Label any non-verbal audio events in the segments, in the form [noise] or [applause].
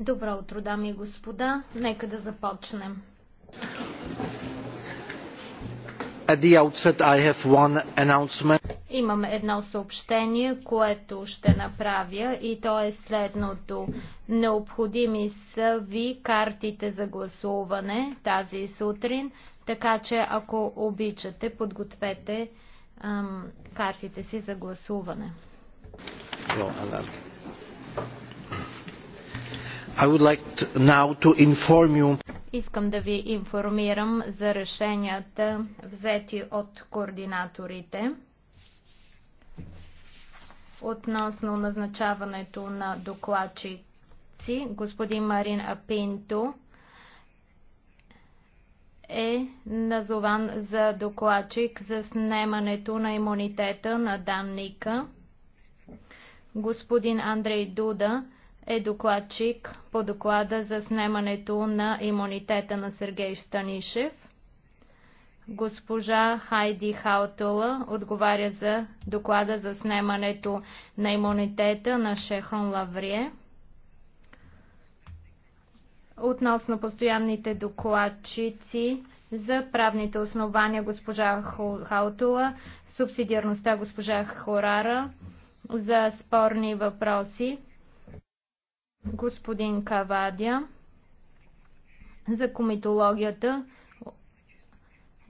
Добро утро, дами и господа. Нека да започнем. At the outset, I have one announcement. Имам едно съобщение, което ще направя и то е следното. Необходими са ви картите за гласуване тази сутрин, така че ако обичате, подгответе ам, картите си за гласуване. I would like to, now to inform you. Искам да ви информирам за решенията взети от координаторите относно назначаването на докладчици господин Марин Апинто е назован за докладчик за снемането на имунитета на данника. Господин Андрей Дуда е докладчик по доклада за снемането на имунитета на Сергей Станишев. Госпожа Хайди Хаутула отговаря за доклада за снемането на имунитета на Шехон Лаврие относно постоянните докладчици за правните основания госпожа Хаутула, субсидиарността госпожа Хорара, за спорни въпроси господин Кавадя, за комитологията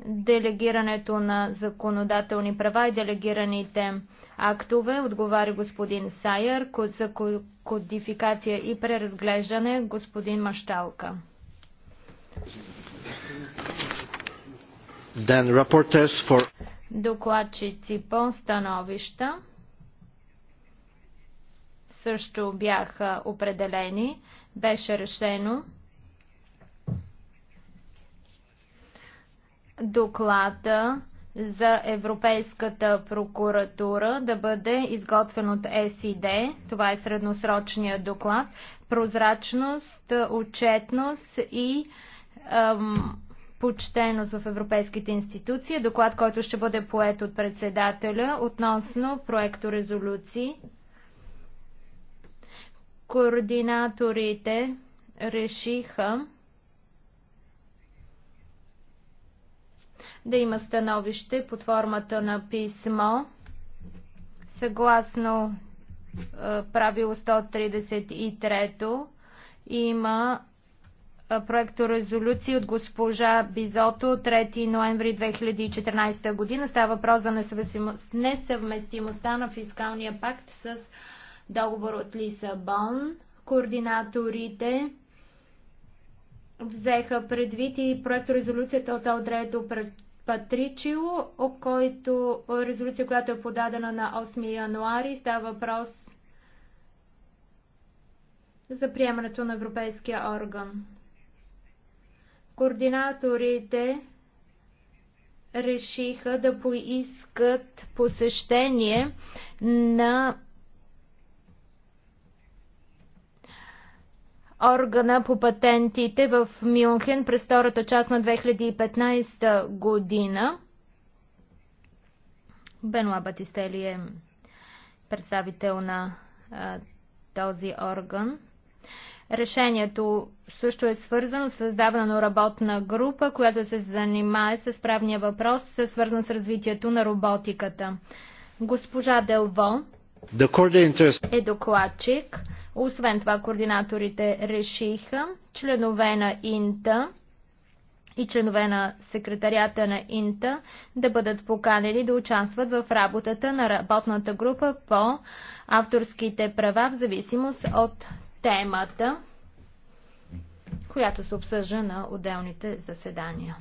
делегирането на законодателни права и делегираните актове. Отговаря господин Сайер за кодификация и преразглеждане господин Машталка. Then for... Докладчици по становища също бяха определени. Беше решено доклада за Европейската прокуратура да бъде изготвен от СИД. Това е средносрочния доклад. Прозрачност, отчетност и ам, почтеност в европейските институции. Доклад, който ще бъде поет от председателя относно проекто резолюции. Координаторите решиха да има становище под формата на писмо съгласно е, правило 133 има е, проекто резолюции от госпожа Бизото 3 ноември 2014 година. Става въпрос за несъвместимостта на фискалния пакт с договор от Лисабон. Координаторите взеха предвид и проекто резолюцията от Алдрето Патричило, о който резолюция, която е подадена на 8 януари, става въпрос за приемането на Европейския орган. Координаторите решиха да поискат посещение на органа по патентите в Мюнхен през втората част на 2015 година. Бенуа Батистели е представител на а, този орган. Решението също е свързано с създаване на работна група, която се занимае с правния въпрос, свързан с развитието на роботиката. Госпожа Делво е докладчик. Освен това, координаторите решиха членове на Инта и членове на секретарията на Инта да бъдат поканени да участват в работата на работната група по авторските права в зависимост от темата, която се обсъжда на отделните заседания.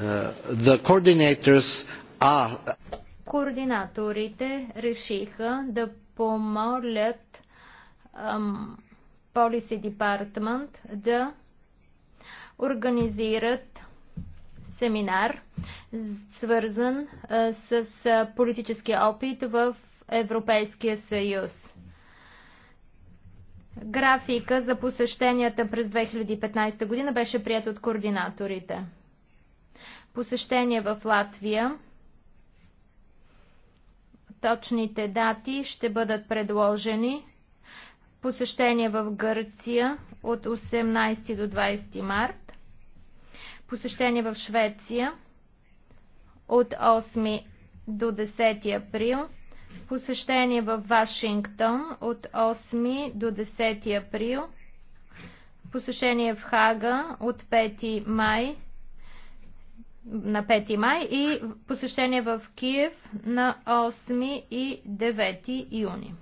Uh, the coordinators are... Координаторите решиха да помолят ам, Policy Department да организират семинар, свързан а, с политическия опит в Европейския съюз. Графика за посещенията през 2015 година беше прият от координаторите. Посещение в Латвия Точните дати ще бъдат предложени. Посещение в Гърция от 18 до 20 март. Посещение в Швеция от 8 до 10 април. Посещение в Вашингтон от 8 до 10 април. Посещение в Хага от 5 май на 5 май и посещение в Киев на 8 и 9 юни.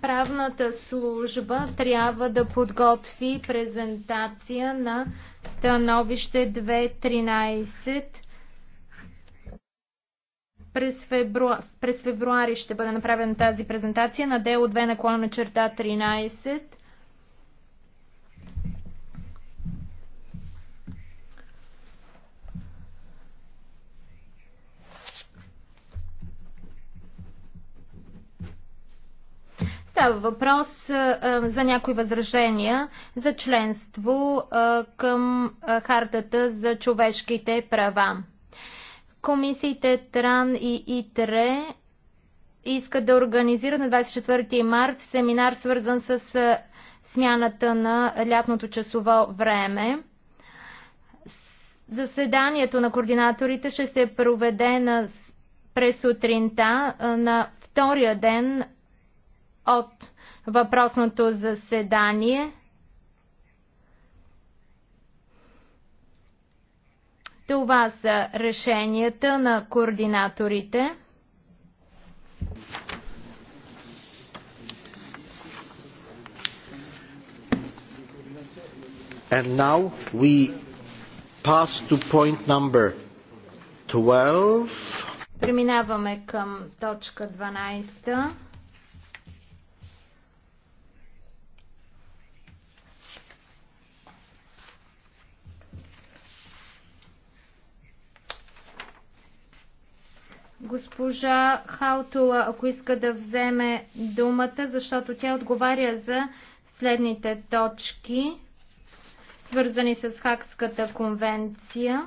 Правната служба трябва да подготви презентация на становище 2.13 през, фебру... през февруари ще бъде направена тази презентация на дело 2 наклона черта 13 Става въпрос за някои възражения за членство към Хартата за човешките права. Комисиите Тран и ИТРЕ искат да организират на 24 март семинар, свързан с смяната на лятното часово време. Заседанието на координаторите ще се проведе на през сутринта на втория ден от въпросното заседание. Това са решенията на координаторите. And now we pass to point number 12. Преминаваме към точка 12. Госпожа Хаутула, ако иска да вземе думата, защото тя отговаря за следните точки, свързани с Хакската конвенция.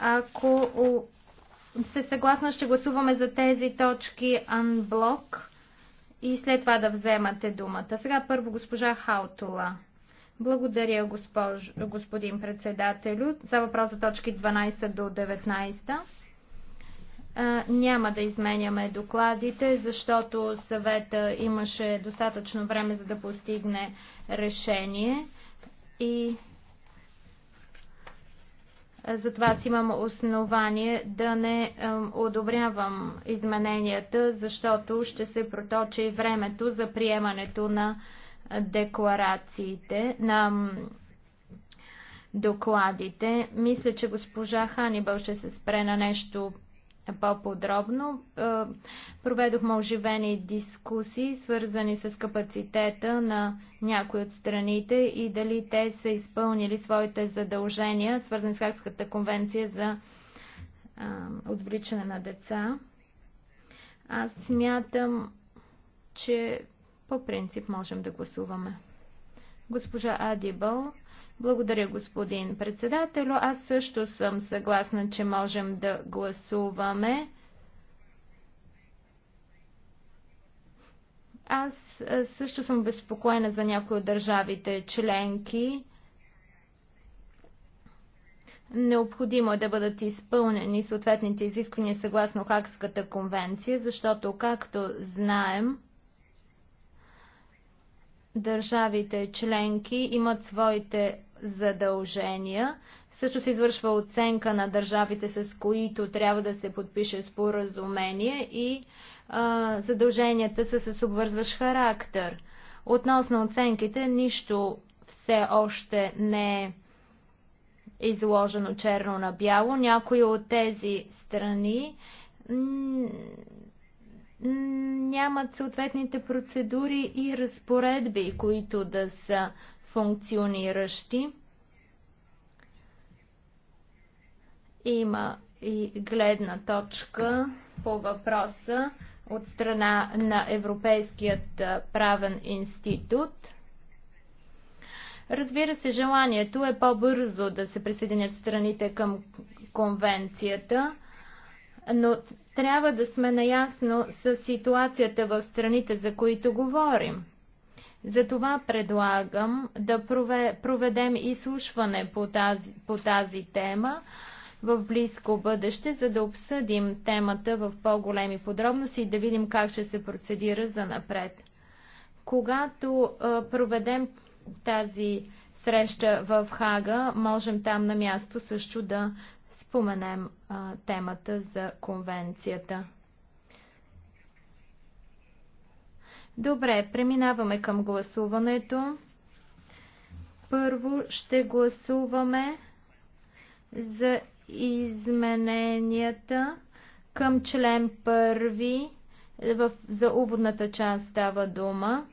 Ако се съгласна, ще гласуваме за тези точки анблок и след това да вземате думата. Сега първо госпожа Хаутула. Благодаря, госпож... господин председателю, за въпрос за точки 12 до 19. Няма да изменяме докладите, защото съвета имаше достатъчно време за да постигне решение и затова си имам основание да не одобрявам измененията, защото ще се проточи времето за приемането на декларациите, на докладите. Мисля, че госпожа Ханибъл ще се спре на нещо по-подробно. Е, проведохме оживени дискусии, свързани с капацитета на някои от страните и дали те са изпълнили своите задължения, свързани с Хакската конвенция за отвличане на деца. Аз смятам, че по принцип можем да гласуваме. Госпожа Адибъл благодаря, господин председател. Аз също съм съгласна, че можем да гласуваме. Аз също съм безпокоена за някои от държавите членки. Необходимо е да бъдат изпълнени съответните изисквания съгласно Хакската конвенция, защото, както знаем, държавите членки имат своите задължения. Също се извършва оценка на държавите, с които трябва да се подпише споразумение и а, задълженията са с обвързващ характер. Относно оценките, нищо все още не е изложено черно на бяло. Някои от тези страни нямат съответните процедури и разпоредби, които да са функциониращи. Има и гледна точка по въпроса от страна на Европейският правен институт. Разбира се, желанието е по-бързо да се присъединят страните към конвенцията, но трябва да сме наясно с ситуацията в страните, за които говорим. Затова предлагам да проведем изслушване по тази, по тази тема в близко бъдеще, за да обсъдим темата в по-големи подробности и да видим как ще се процедира за напред. Когато проведем тази среща в Хага, можем там на място също да споменем а, темата за конвенцията. Добре, преминаваме към гласуването. Първо ще гласуваме за измененията към член първи. В, за уводната част става дума.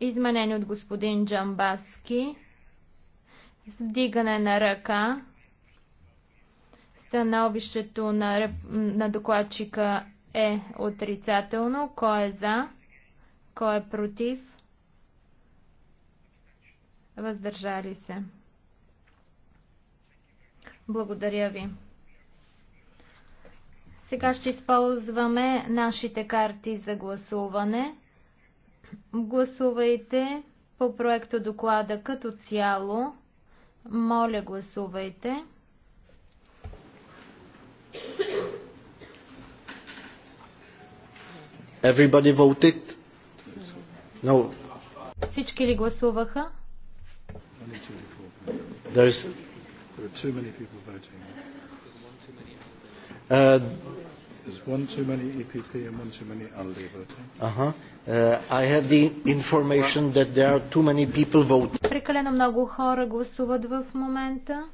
Изменени от господин Джамбаски. С вдигане на ръка. Становището на, на докладчика е отрицателно. Кой е за? Кой е против? Въздържали се. Благодаря ви. Сега ще използваме нашите карти за гласуване. Гласувайте по проекта доклада като цяло. Моля, гласувайте. Everybody voted. No. Всички ли гласуваха? There's... There are too many people voting. Uh, There's one too many EPP and one too many ALDE voting. Uh-huh. Uh, I have the information that there are too many people voting. Прекалено много хора гласуват в момента.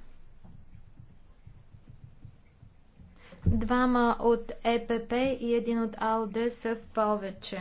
Двама от ЕПП и един от АЛДЕ са в повече.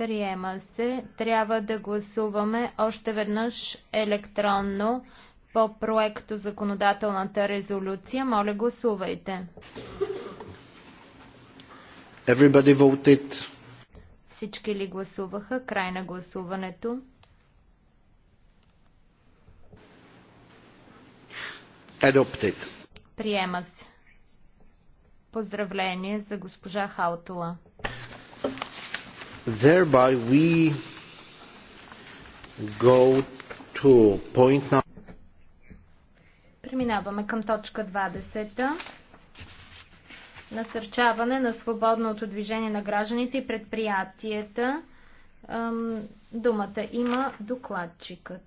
Приема се. Трябва да гласуваме още веднъж електронно по проекто законодателната резолюция. Моля, гласувайте. Everybody voted. Всички ли гласуваха? Край на гласуването. Adopted. Приема се. Поздравление за госпожа Хаутула. Thereby we go to point now. Преминаваме към точка 20. Насърчаване на свободното движение на гражданите и предприятията. Думата има докладчикът.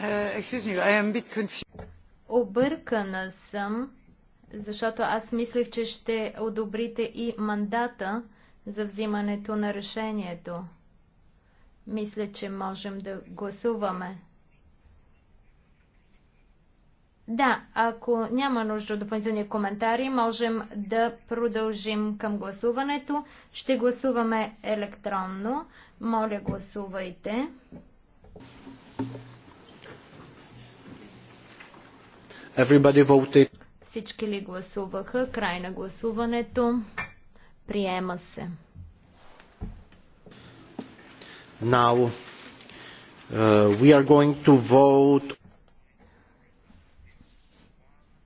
Uh, Объркана съм защото аз мислих, че ще одобрите и мандата за взимането на решението. Мисля, че можем да гласуваме. Да, ако няма нужда от допълнителни коментари, можем да продължим към гласуването. Ще гласуваме електронно. Моля, гласувайте. Everybody voted. Всички ли гласуваха? Край на гласуването. Приема се. Now, uh, we are going to vote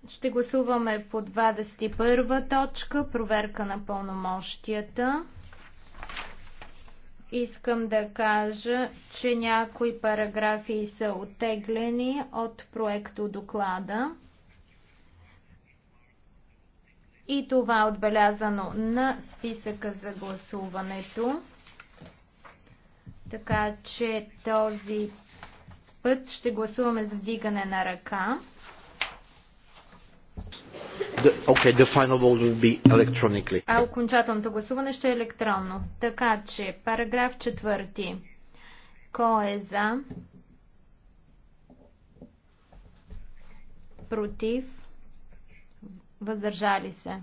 ще гласуваме по 21 точка проверка на пълномощията. Искам да кажа, че някои параграфи са оттеглени от проекто доклада. И това е отбелязано на списъка за гласуването. Така че този път ще гласуваме за вдигане на ръка. The, okay, the final vote will be electronically. А окончателното гласуване ще е електронно. Така че, параграф четвърти. Кой е за? Против? въздържали се.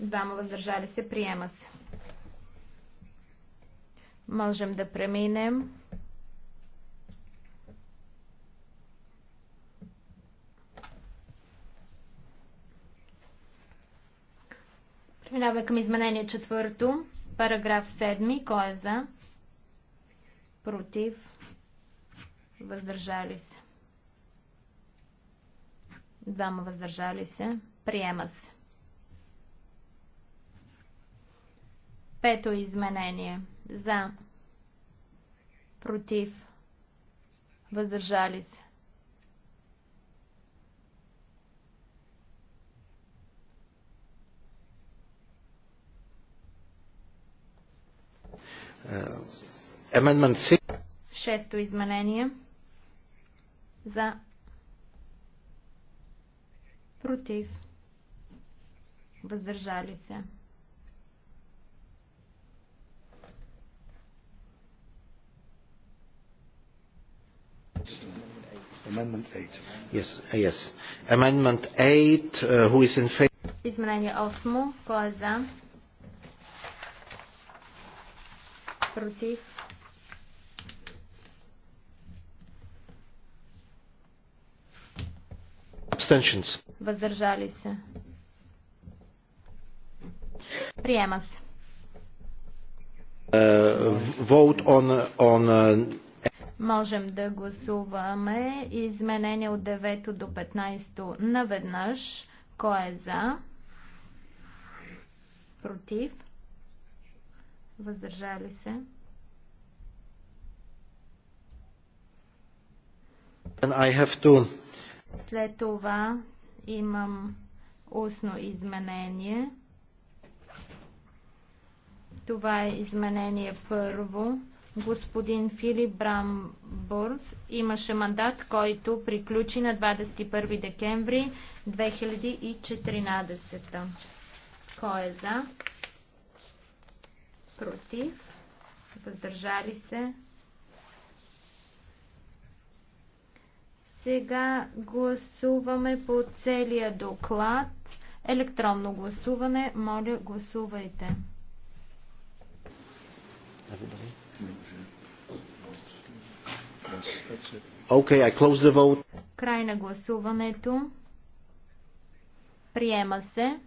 Двама въздържали се, приема се. Можем да преминем. Преминаваме към изменение четвърто, параграф 7. Кой е за? Против? Въздържали се. Двама въздържали се. Приема се. Пето изменение. За. Против. Въздържали се. Е, Шесто изменение. За против, въздържали се. Amendment 8. Yes, uh, yes. Amendment 8, uh, who is in favor? Изменение 8. Кой е за? Против? Abstentions. Въздържали се. Приема се. Uh, vote on, on, uh... Можем да гласуваме изменение от 9 до 15 наведнъж. Кой е за? Против? Въздържали се? And I have to след това имам устно изменение. Това е изменение първо. Господин Филип Брамбурс имаше мандат, който приключи на 21 декември 2014. Кой е за? Против? Въздържали се? Сега гласуваме по целия доклад. Електронно гласуване. Моля, гласувайте. Okay, I close the vote. Край на гласуването. Приема се.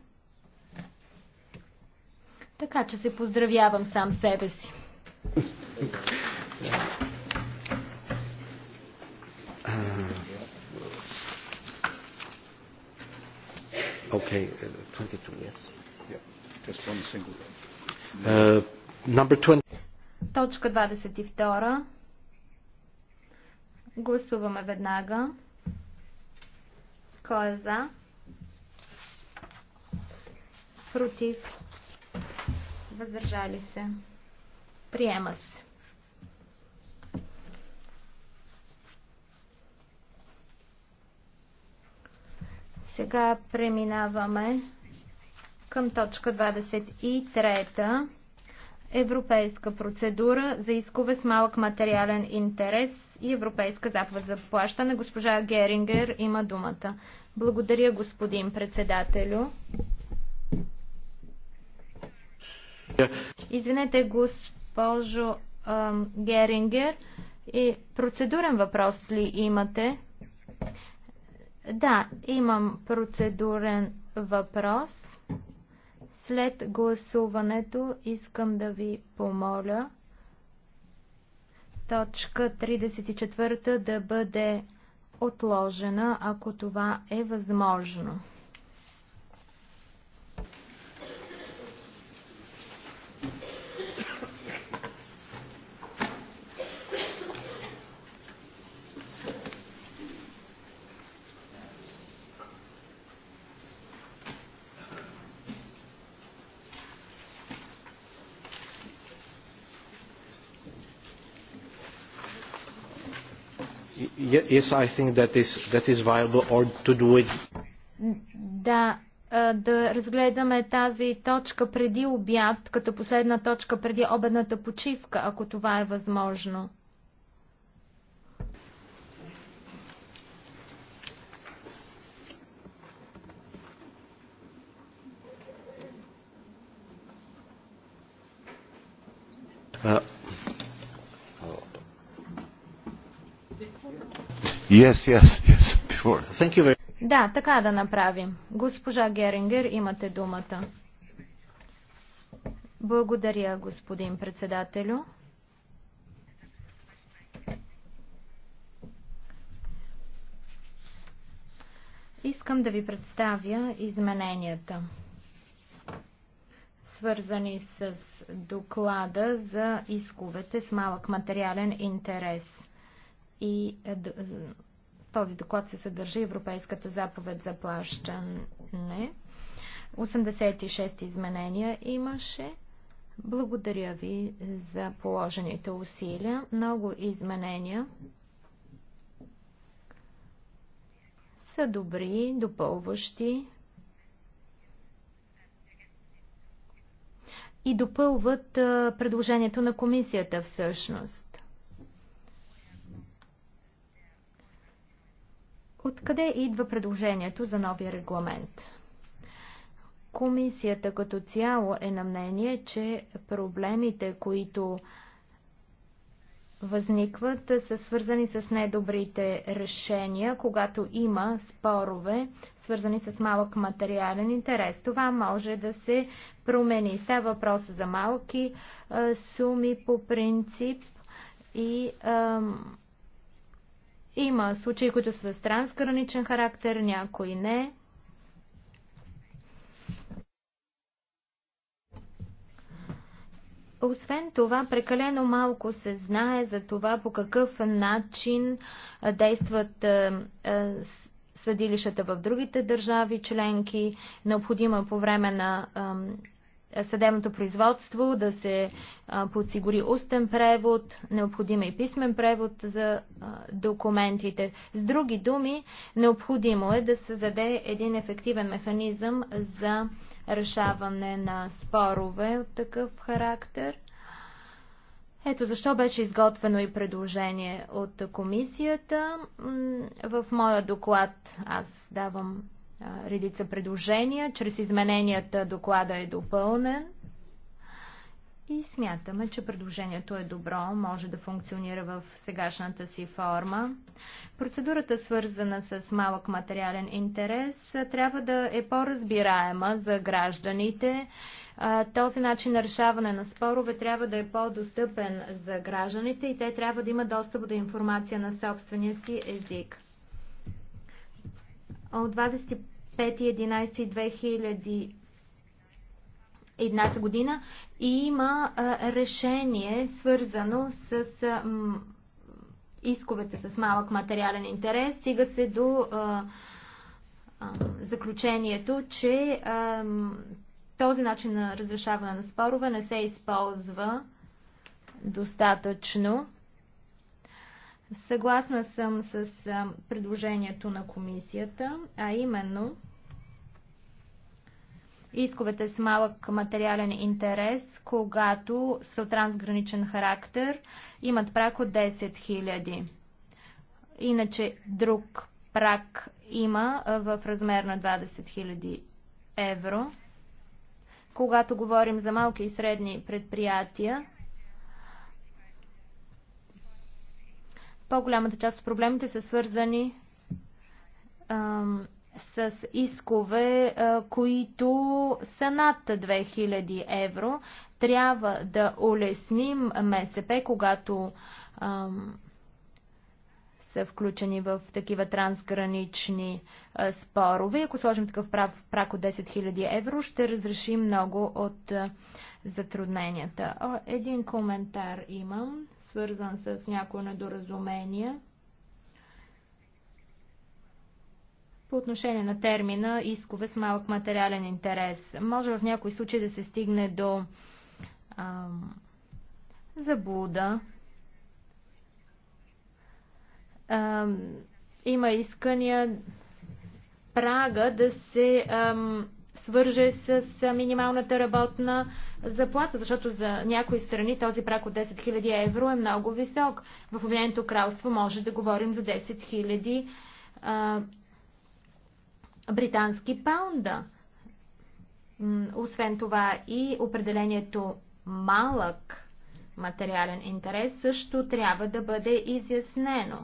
Така че се поздравявам сам себе си. Okay, uh, 22, yes. Yeah, just one single Uh, number 20. Точка 22. Гласуваме веднага. Кой е за? Против? Въздържали се? Приема се. Сега преминаваме към точка 23. Европейска процедура за искове с малък материален интерес и Европейска заповед за плащане. Госпожа Герингер има думата. Благодаря, господин председателю. Извинете, госпожо Герингер. И процедурен въпрос ли имате? Да, имам процедурен въпрос. След гласуването искам да ви помоля точка 34 да бъде отложена, ако това е възможно. yes, I think, that is, that is viable or to do it. Да, да разгледаме тази точка преди обяд, като последна точка преди обедната почивка, ако това е възможно. Yes, yes, yes, before. Thank you very... Да, така да направим. Госпожа Герингер, имате думата. Благодаря, господин председателю. Искам да ви представя измененията, свързани с доклада за исковете с малък материален интерес и този доклад се съдържа Европейската заповед за плащане. 86 изменения имаше. Благодаря ви за положените усилия. Много изменения са добри, допълващи и допълват предложението на комисията всъщност. Откъде идва предложението за новия регламент? Комисията като цяло е на мнение, че проблемите, които възникват, са свързани с недобрите решения, когато има спорове, свързани с малък материален интерес. Това може да се промени. Става въпрос за малки а, суми по принцип и има случаи, които са с трансграничен характер, някои не. Освен това, прекалено малко се знае за това по какъв начин действат съдилищата в другите държави членки. необходима е по време на съдебното производство, да се подсигури устен превод, необходим е и писмен превод за документите. С други думи, необходимо е да създаде един ефективен механизъм за решаване на спорове от такъв характер. Ето защо беше изготвено и предложение от комисията. В моя доклад аз давам редица предложения. Чрез измененията доклада е допълнен и смятаме, че предложението е добро, може да функционира в сегашната си форма. Процедурата, свързана с малък материален интерес, трябва да е по-разбираема за гражданите. Този начин на решаване на спорове трябва да е по-достъпен за гражданите и те трябва да имат достъп до информация на собствения си език. От 25 5.11.2011 година и има решение свързано с исковете с малък материален интерес. Стига се до заключението, че този начин на разрешаване на спорове не се използва достатъчно. Съгласна съм с предложението на комисията, а именно исковете с малък материален интерес, когато са трансграничен характер, имат прак от 10 000. Иначе друг прак има в размер на 20 000 евро. Когато говорим за малки и средни предприятия, По-голямата част от проблемите са свързани а, с искове, а, които са над 2000 евро. Трябва да улесним МСП, когато а, са включени в такива трансгранични а, спорове. Ако сложим такъв прав, прак от 10 000 евро, ще разрешим много от а, затрудненията. О, един коментар имам свързан с някои недоразумение. По отношение на термина искове с малък материален интерес, може в някои случаи да се стигне до ам, заблуда. Ам, има искания прага да се ам, свърже с минималната работна заплата, защото за някои страни този прак от 10 000 евро е много висок. В Обединеното кралство може да говорим за 10 000 а, британски паунда. Освен това и определението малък материален интерес също трябва да бъде изяснено.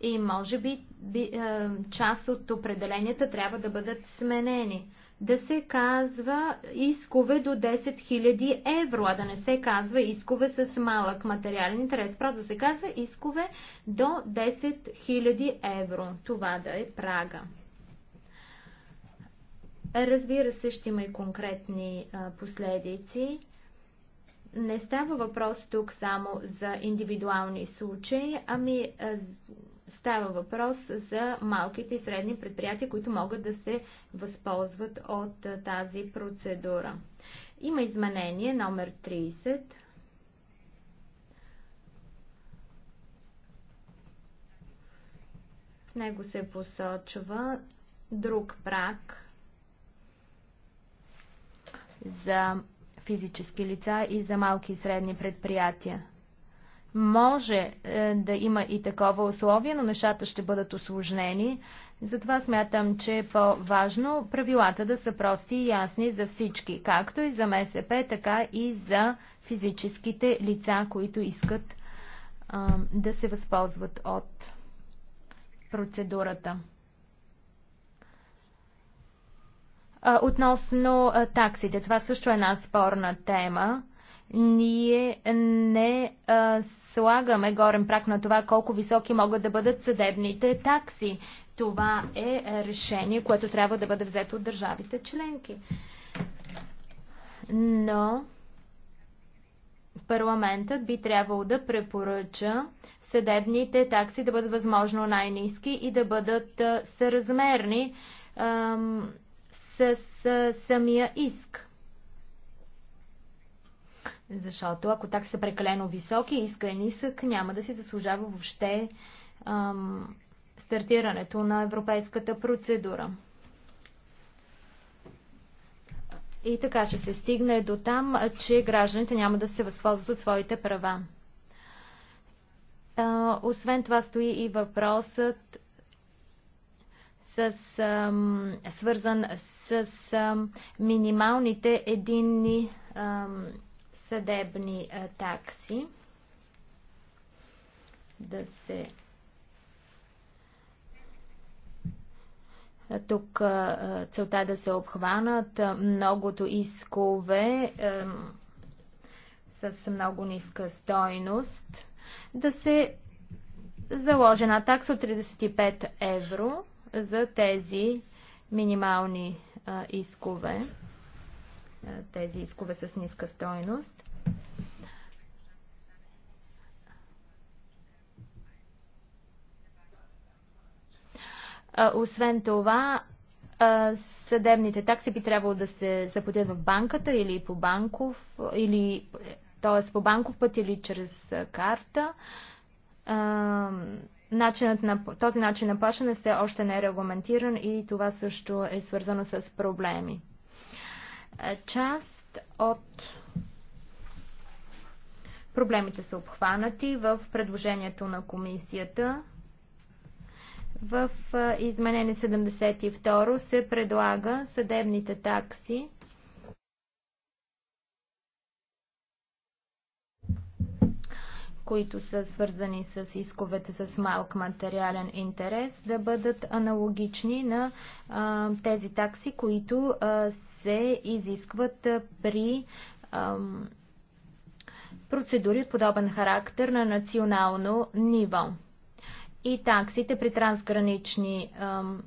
И може би би, е, част от определенията трябва да бъдат сменени. Да се казва искове до 10 000 евро, а да не се казва искове с малък материален интерес. Право да се казва искове до 10 000 евро. Това да е прага. Разбира се, ще има и конкретни а, последици. Не става въпрос тук само за индивидуални случаи, ами Става въпрос за малките и средни предприятия, които могат да се възползват от тази процедура. Има изменение номер 30. В него се посочва друг прак за физически лица и за малки и средни предприятия. Може е, да има и такова условие, но нещата ще бъдат осложнени. Затова смятам, че е по-важно правилата да са прости и ясни за всички, както и за МСП, така и за физическите лица, които искат а, е, да се възползват от процедурата. Относно таксите, това също е една спорна тема ние не а, слагаме горен прак на това колко високи могат да бъдат съдебните такси. Това е решение, което трябва да бъде взето от държавите членки. Но парламентът би трябвало да препоръча съдебните такси да бъдат възможно най-низки и да бъдат съразмерни ам, с, с самия иск. Защото ако такси са прекалено високи, иска е нисък, няма да си заслужава въобще ам, стартирането на европейската процедура. И така ще се стигне до там, че гражданите няма да се възползват от своите права. А, освен това стои и въпросът с, ам, свързан с ам, минималните единни ам, съдебни такси да се Тук целта е да се обхванат многото искове е, с много ниска стойност. Да се заложи на такса от 35 евро за тези минимални е, искове. Е, тези искове с ниска стойност. Освен това, съдебните такси би трябвало да се заплатят в банката или по банков, или, т.е. по банков път или чрез карта. Начинът на, този начин на плащане все още не е регламентиран и това също е свързано с проблеми. Е, част от проблемите са обхванати в предложението на комисията. В е, изменение 72 се предлага съдебните такси които са свързани с исковете с малък материален интерес, да бъдат аналогични на а, тези такси, които а, се изискват при ам, процедури от подобен характер на национално ниво. И таксите при трансгранични ам,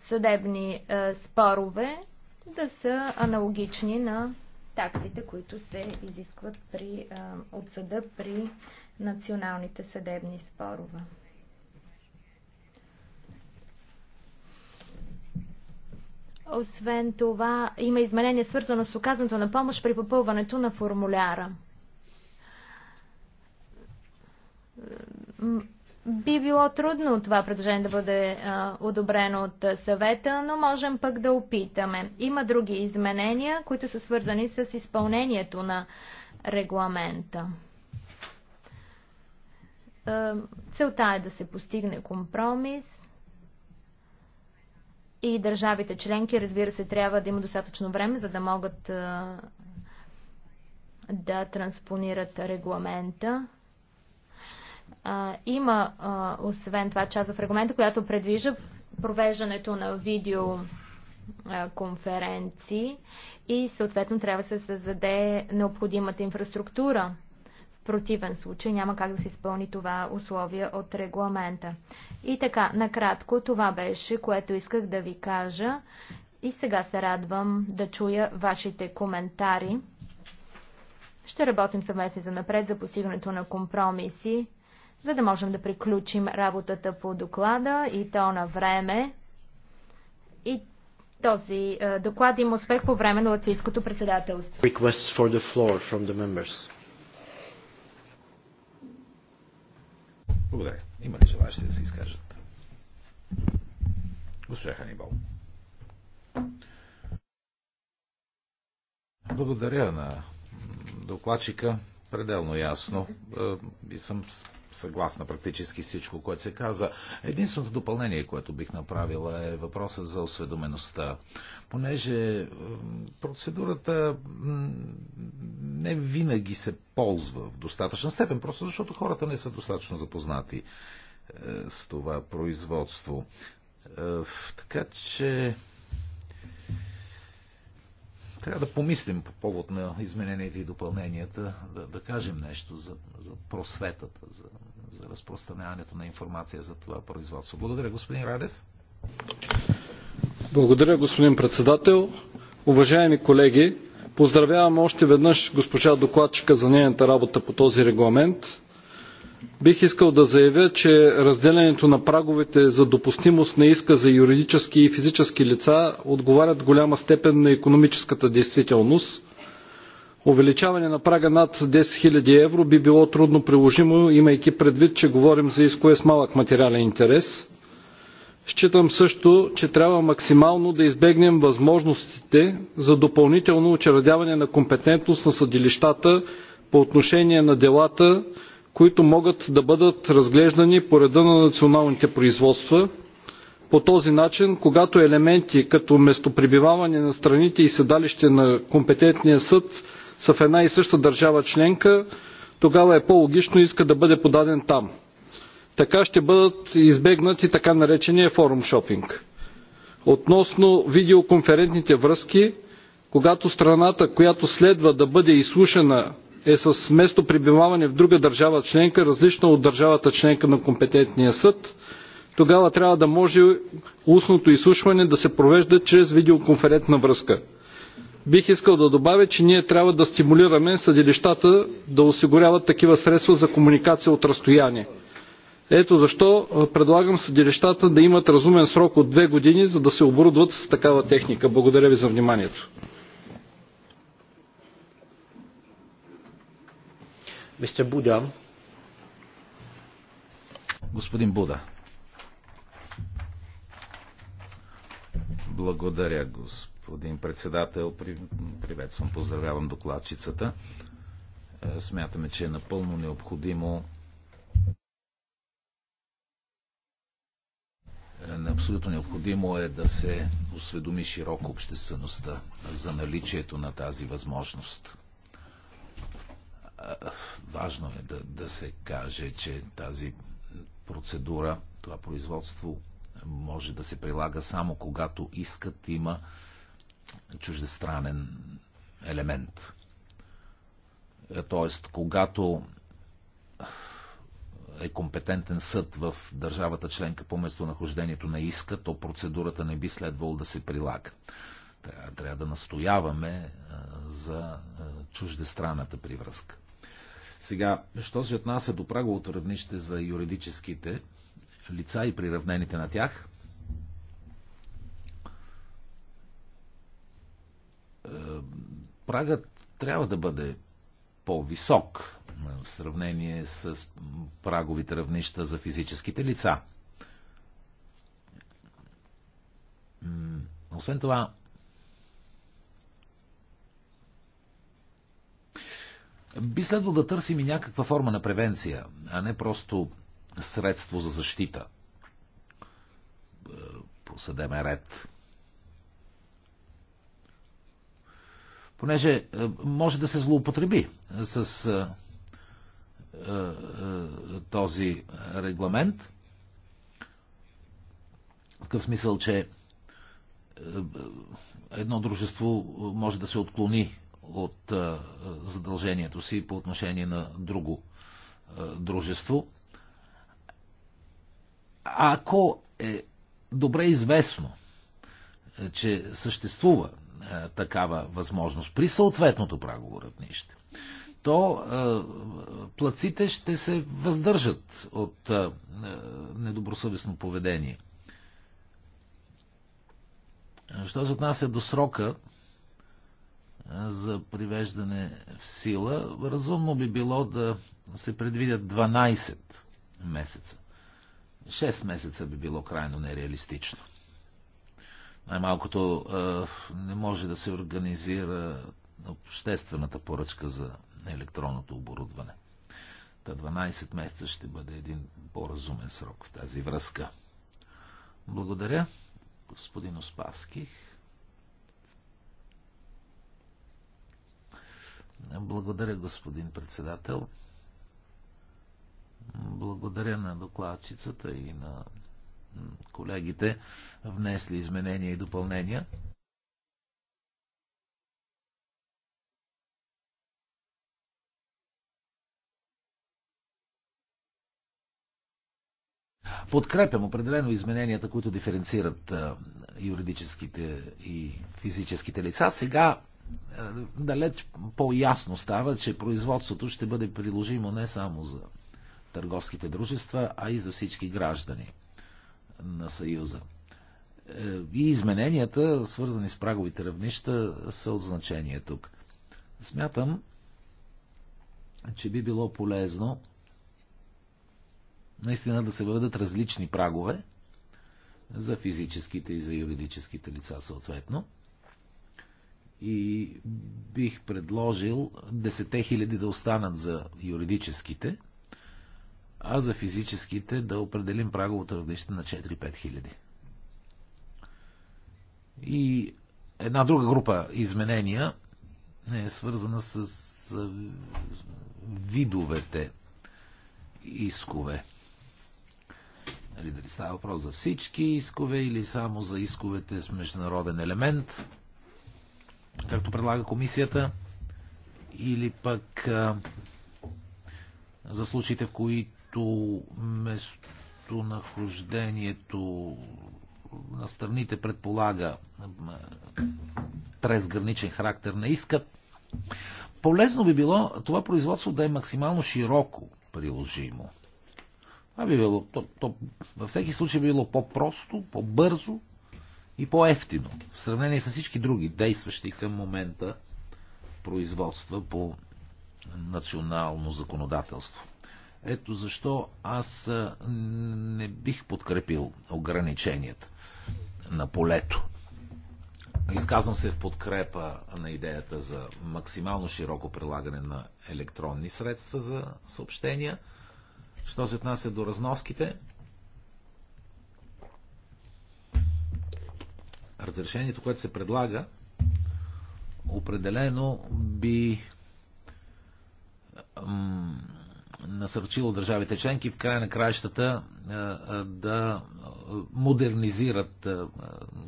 съдебни а, спорове да са аналогични на таксите, които се изискват при, а, от съда при националните съдебни спорове. Освен това, има изменение свързано с оказването на помощ при попълването на формуляра. Би било трудно това предложение да бъде а, одобрено от съвета, но можем пък да опитаме. Има други изменения, които са свързани с изпълнението на регламента. Е, целта е да се постигне компромис и държавите членки, разбира се, трябва да има достатъчно време, за да могат да транспонират регламента. Има, освен това, част в регламента, която предвижда провеждането на видео конференции и съответно трябва да се създаде необходимата инфраструктура противен случай няма как да се изпълни това условие от регламента. И така, накратко, това беше, което исках да ви кажа. И сега се радвам да чуя вашите коментари. Ще работим съвместно за напред за постигането на компромиси, за да можем да приключим работата по доклада и то на време. И този е, доклад има успех по време на латвийското председателство. Благодаря. Има ли желащи да се изкажат? Госпожа Ханибал. Благодаря на докладчика. Пределно ясно. Е, и съм съгласна практически всичко, което се каза. Единственото допълнение, което бих направила е въпроса за осведомеността. Понеже процедурата не винаги се ползва в достатъчна степен, просто защото хората не са достатъчно запознати е, с това производство. Е, така че трябва да помислим по повод на измененията и допълненията, да, да кажем нещо за, за просветата, за, за разпространяването на информация за това производство. Благодаря, господин Радев. Благодаря, господин председател. Уважаеми колеги, поздравявам още веднъж госпожа докладчика за нейната работа по този регламент Бих искал да заявя, че разделянето на праговете за допустимост на иска за юридически и физически лица отговарят в голяма степен на економическата действителност. Увеличаване на прага над 10 000 евро би било трудно приложимо, имайки предвид, че говорим за искове с малък материален интерес. Считам също, че трябва максимално да избегнем възможностите за допълнително учредяване на компетентност на съдилищата по отношение на делата, които могат да бъдат разглеждани по реда на националните производства. По този начин, когато елементи като местопребиваване на страните и седалище на компетентния съд са в една и съща държава членка, тогава е по-логично искът да бъде подаден там. Така ще бъдат избегнати така наречения форум шопинг. Относно видеоконферентните връзки, когато страната, която следва да бъде изслушана е с место пребиваване в друга държава членка, различна от държавата членка на компетентния съд, тогава трябва да може устното изслушване да се провежда чрез видеоконферентна връзка. Бих искал да добавя, че ние трябва да стимулираме съдилищата да осигуряват такива средства за комуникация от разстояние. Ето защо предлагам съдилищата да имат разумен срок от две години, за да се оборудват с такава техника. Благодаря ви за вниманието. Mr. Господин Буда. Благодаря, господин председател. Приветствам, поздравявам докладчицата. Е, смятаме, че е напълно необходимо е, абсолютно необходимо е да се осведоми широко обществеността за наличието на тази възможност важно е да, да се каже, че тази процедура, това производство може да се прилага само когато искът има чуждестранен елемент. Тоест, когато е компетентен съд в държавата членка по местонахождението на иска, то процедурата не би следвало да се прилага. Трябва, трябва да настояваме за чуждестранната привръзка. Сега, що се отнася до праговото равнище за юридическите лица и приравнените на тях, е, прагът трябва да бъде по-висок в сравнение с праговите равнища за физическите лица. Освен това, Би следвало да търсим и някаква форма на превенция, а не просто средство за защита е, по съдемен ред. Понеже е, може да се злоупотреби с е, този регламент. В такъв смисъл, че едно дружество може да се отклони от е, задължението си по отношение на друго е, дружество. А ако е добре известно, е, че съществува такава възможност при съответното прагово равнище, то плаците ще се въздържат от недобросъвестно поведение. Що се отнася до срока, за привеждане в сила, разумно би било да се предвидят 12 месеца. 6 месеца би било крайно нереалистично. Най-малкото не може да се организира обществената поръчка за електронното оборудване. Та 12 месеца ще бъде един по-разумен срок в тази връзка. Благодаря, господин Оспаских. Благодаря, господин председател. Благодаря на докладчицата и на колегите, внесли изменения и допълнения. Подкрепям определено измененията, които диференцират юридическите и физическите лица. Сега е, далеч по-ясно става, че производството ще бъде приложимо не само за търговските дружества, а и за всички граждани на Съюза. Е, и измененията, свързани с праговите равнища, са от значение тук. Смятам, че би било полезно наистина да се въведат различни прагове за физическите и за юридическите лица съответно – и бих предложил 10 хиляди да останат за юридическите, а за физическите да определим праговото равнище на 4-5 хиляди. И една друга група изменения е свързана с видовете искове. Нали, дали става въпрос за всички искове или само за исковете с международен елемент – както предлага комисията, или пък за случаите, в които местонахождението на страните предполага презграничен характер на искът. Полезно би било това производство да е максимално широко приложимо. Това би било, то, то, във всеки случай би било по-просто, по-бързо, и по-ефтино в сравнение с всички други действащи към момента производства по национално законодателство. Ето защо аз не бих подкрепил ограниченията на полето. Изказвам се в подкрепа на идеята за максимално широко прилагане на електронни средства за съобщения. Що се отнася до разноските, разрешението, което се предлага, определено би насърчило държавите членки в края на краищата да модернизират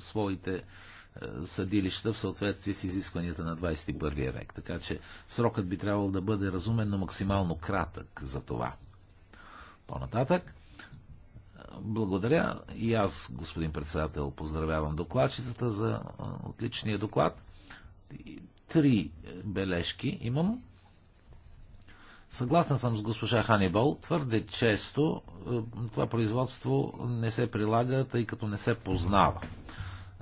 своите съдилища в съответствие с изискванията на 21 век. Така че срокът би трябвало да бъде разумен, но максимално кратък за това. По-нататък благодаря. И аз, господин председател, поздравявам докладчицата за отличния доклад. Три е, бележки имам. Съгласна съм с госпожа Ханибол. Твърде често е, това производство не се прилага, тъй като не се познава.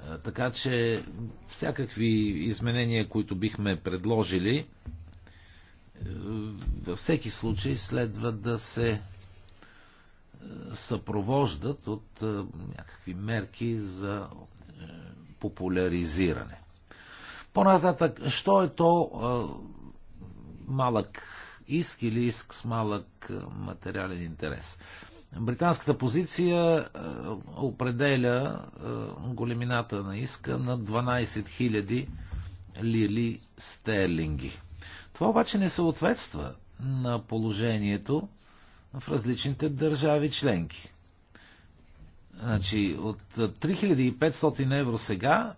Е, така че всякакви изменения, които бихме предложили, във всеки случай следва да се съпровождат от е, някакви мерки за е, популяризиране. По-нататък, що е то е, малък иск или иск с малък материален интерес? Британската позиция определя големината на иска на 12 000 лили стерлинги. Това обаче не съответства на положението в различните държави членки. Значи от 3500 евро сега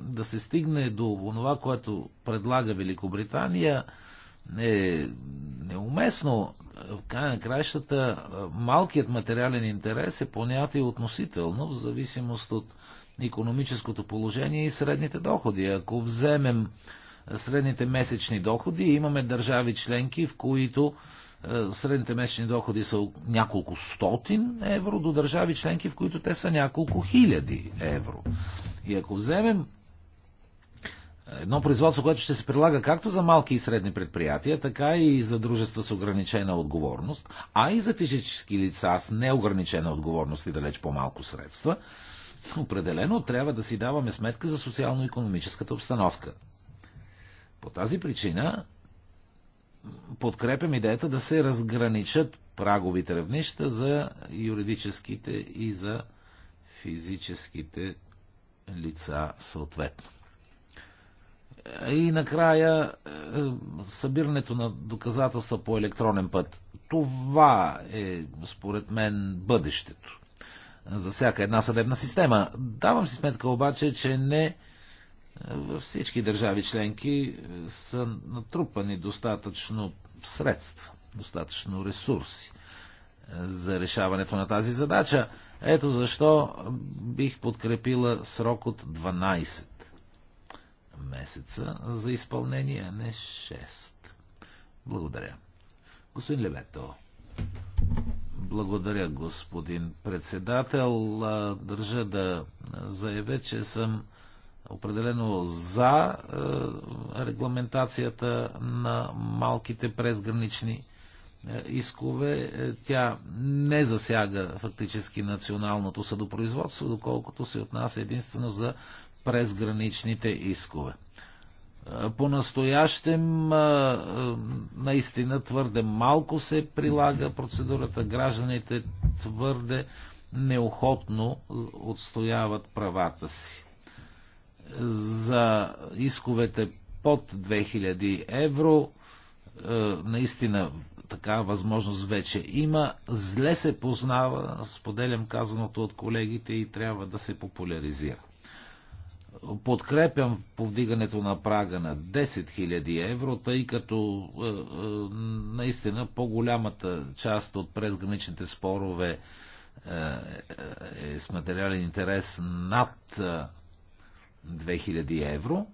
да се стигне до това, което предлага Великобритания, е неуместно. В край на краищата малкият материален интерес е и относително в зависимост от економическото положение и средните доходи. Ако вземем средните месечни доходи, имаме държави членки, в които е, средните месечни доходи са няколко стотин евро до държави членки, в които те са няколко хиляди евро. И ако вземем е, едно производство, което ще се прилага както за малки и средни предприятия, така и за дружества с ограничена отговорност, а и за физически лица с неограничена отговорност и далеч по-малко средства, определено трябва да си даваме сметка за социално-економическата обстановка. По тази причина подкрепям идеята да се разграничат праговите равнища за юридическите и за физическите лица съответно. И накрая е, събирането на доказателства по електронен път. Това е, според мен, бъдещето за всяка една съдебна система. Давам си сметка обаче, че не във всички държави членки е, са натрупани достатъчно средства, достатъчно ресурси е, за решаването на тази задача. Ето защо бих подкрепила срок от 12 месеца за изпълнение, а не 6. Благодаря. Господин Лебето. Благодаря, господин председател. Държа да заявя, че съм определено за е, регламентацията на малките презгранични е, искове. Е, тя не засяга фактически националното съдопроизводство, доколкото се отнася единствено за презграничните искове. По-настоящем наистина твърде малко се прилага процедурата. Гражданите твърде неохотно отстояват правата си за исковете под 2000 евро. Е, наистина такава възможност вече има. Зле се познава, споделям казаното от колегите и трябва да се популяризира. Подкрепям повдигането на прага на 10 000 евро, тъй като е, е, наистина по-голямата част от презграничните спорове е с материален интерес над 2000 евро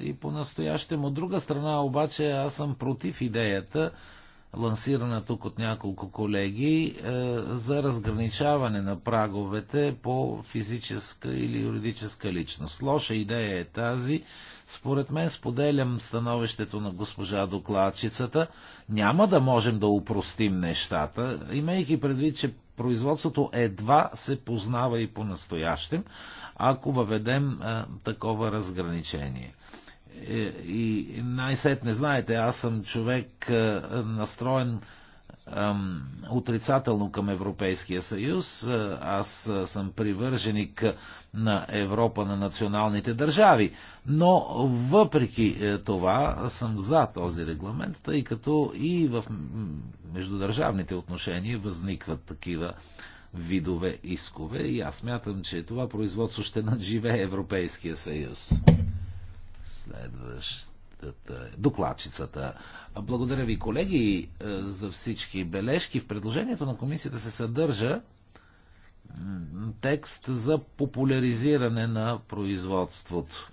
и по-настоящем. От друга страна обаче аз съм против идеята, лансирана тук от няколко колеги, е, за разграничаване на праговете по физическа или юридическа личност. Лоша идея е тази. Според мен споделям становището на госпожа докладчицата. Няма да можем да упростим нещата, имайки предвид, че производството едва се познава и по-настоящем, ако въведем а, такова разграничение. Е, и най-сетне, знаете, аз съм човек настроен отрицателно към Европейския съюз. Аз съм привърженик на Европа на националните държави. Но въпреки е, това съм за този регламент, тъй като и в междудържавните отношения възникват такива видове искове и аз мятам, че това производство ще надживее Европейския съюз. Следващ е, докладчицата. Благодаря ви, колеги, е, за всички бележки. В предложението на комисията се съдържа текст за популяризиране на производството.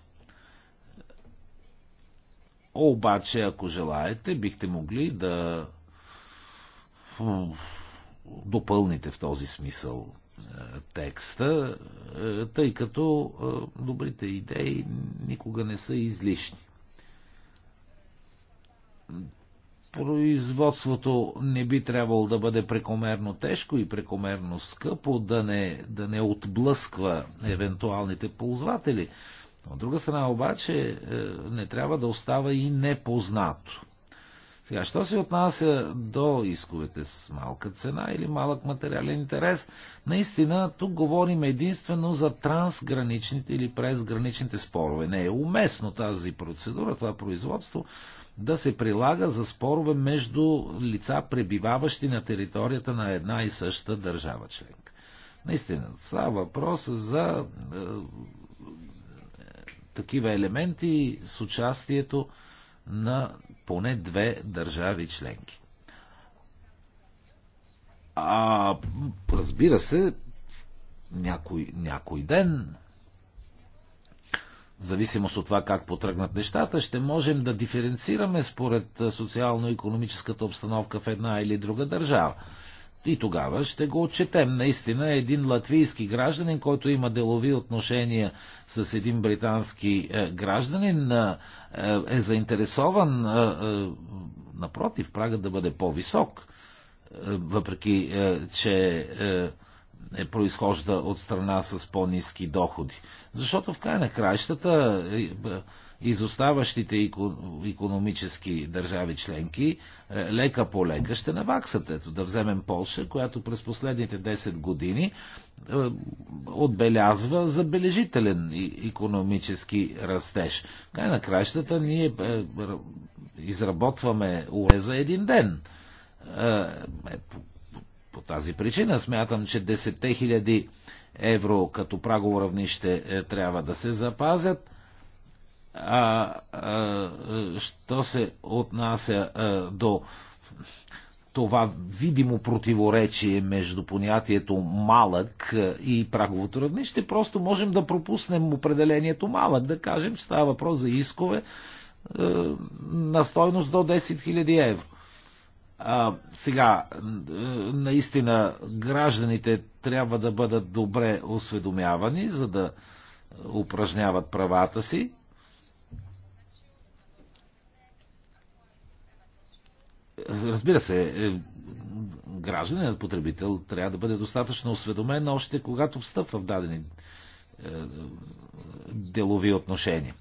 Обаче, ако желаете, бихте могли да допълните в този смисъл е, текста, тъй като добрите идеи никога не са излишни производството не би трябвало да бъде прекомерно тежко и прекомерно скъпо, да не, да не отблъсква евентуалните ползватели. От друга страна обаче е, не трябва да остава и непознато. Сега, що се отнася до исковете с малка цена или малък материален интерес, наистина тук говорим единствено за трансграничните или презграничните спорове. Не е уместно тази процедура, това производство да се прилага за спорове между лица, пребиваващи на територията на една и съща държава членка. Наистина, става въпрос за е, такива елементи с участието на поне две държави членки. А разбира се, някой, някой ден в зависимост от това как потръгнат нещата, ще можем да диференцираме според социално-економическата обстановка в една или друга държава. И тогава ще го отчетем. Наистина един латвийски гражданин, който има делови отношения с един британски е, гражданин, е, е, е заинтересован, напротив, прагът да бъде по-висок, въпреки че е, произхожда от страна с по-низки доходи. Защото в край на краищата е, е, изоставащите економически държави членки лека по лека ще наваксат. Ето да вземем Полша, която през последните 10 години отбелязва забележителен економически растеж. В край на краищата ние изработваме уре за един ден по тази причина смятам, че 10 000 евро като прагово равнище е, трябва да се запазят. А, а, що се отнася а, до това видимо противоречие между понятието малък и праговото равнище, просто можем да пропуснем определението малък, да кажем, че става въпрос за искове е, на стойност до 10 000 евро. А, сега, наистина, гражданите трябва да бъдат добре осведомявани, за да упражняват правата си. Разбира се, е, гражданият потребител трябва да бъде достатъчно осведомен още когато встъпва в дадени е, е, делови отношения.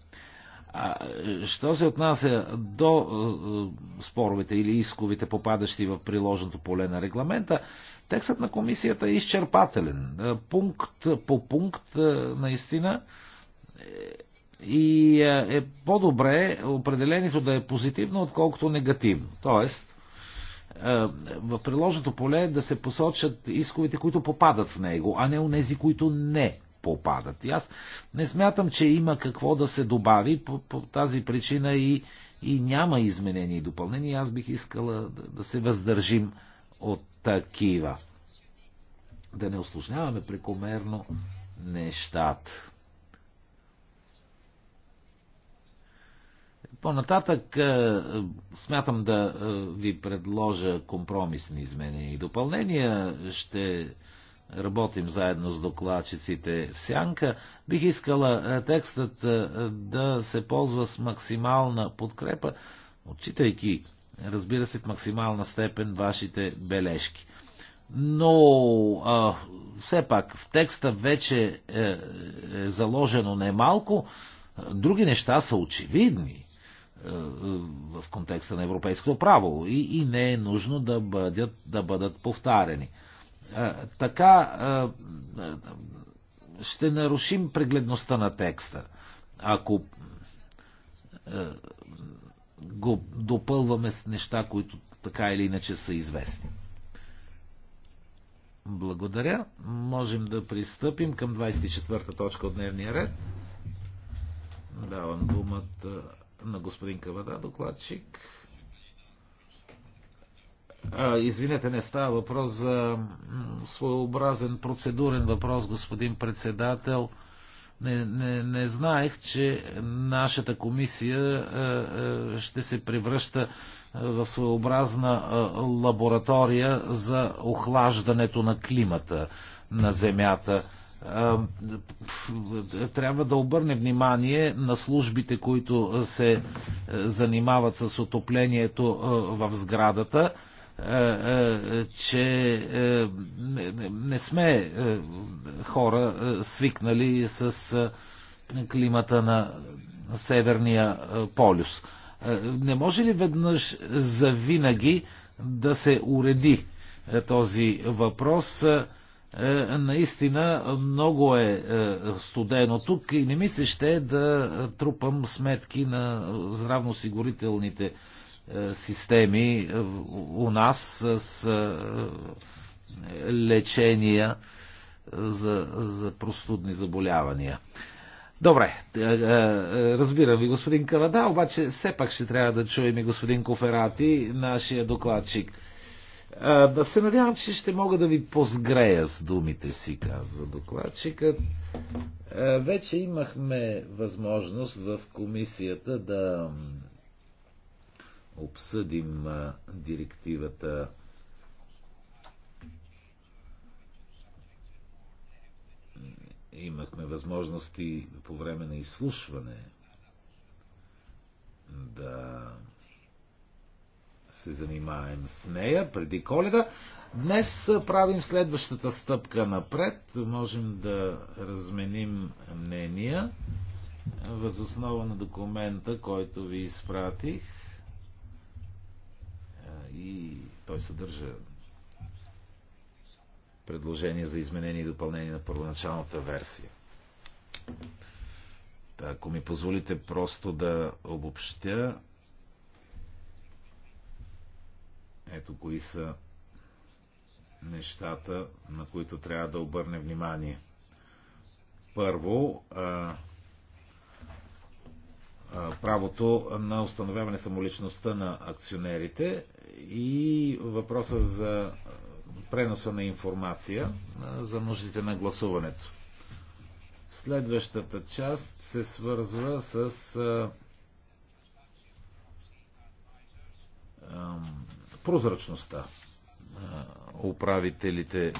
Що се отнася до е, е, споровете или исковите, попадащи в приложното поле на регламента, текстът на комисията е изчерпателен. Е, пункт по пункт, наистина, и е по-добре определението да е позитивно, отколкото негативно. Тоест, в приложното поле да се посочат исковите, които попадат в него, а не у нези, които не попадат. И аз не смятам, че има какво да се добави по, по тази причина и, и няма изменения и допълнения. Аз бих искала да, да се въздържим от такива. Да не осложняваме прекомерно нещата. По-нататък е, смятам да е, ви предложа компромисни изменения и допълнения. Ще Работим заедно с докладчиците в Сянка. Бих искала е, текстът е, да се ползва с максимална подкрепа, отчитайки, разбира се, в максимална степен вашите бележки. Но а, все пак в текста вече е, е заложено немалко. Други неща са очевидни е, в контекста на европейското право и, и не е нужно да бъдат, да бъдат повтарени. Е, така е, е, ще нарушим прегледността на текста. Ако го допълваме с неща, които така или иначе са известни. Благодаря. Можем да пристъпим към 24-та точка от дневния ред. Давам думата на господин Кавада, докладчик. Извинете, не става въпрос за своеобразен процедурен въпрос, господин председател. Не, не, не знаех, че нашата комисия ще се превръща в своеобразна лаборатория за охлаждането на климата на Земята трябва да обърне внимание на службите, които се занимават с отоплението в сградата че не сме хора свикнали с климата на Северния полюс. Не може ли веднъж завинаги да се уреди този въпрос? Наистина много е студено тук и не ми се ще е да трупам сметки на здравноосигурителните е, системи е, у нас с е, лечения за, за простудни заболявания. Добре, разбирам ви, господин Карада, обаче все пак ще трябва да чуем и господин Коферати, нашия докладчик. Да се надявам, че ще мога да ви позгрея с думите си, казва докладчикът. Вече имахме възможност в комисията да обсъдим директивата имахме възможности по време на изслушване да се занимаем с нея преди коледа. Днес правим следващата стъпка напред. Можем да разменим мнения възоснова на документа, който ви изпратих и той съдържа предложение за изменение и допълнение на първоначалната версия. Ако ми позволите просто да обобщя, ето кои са нещата, на които трябва да обърне внимание. Първо, правото на установяване самоличността на акционерите и въпроса за преноса на информация за нуждите на гласуването. Следващата част се свързва с прозрачността. Управителите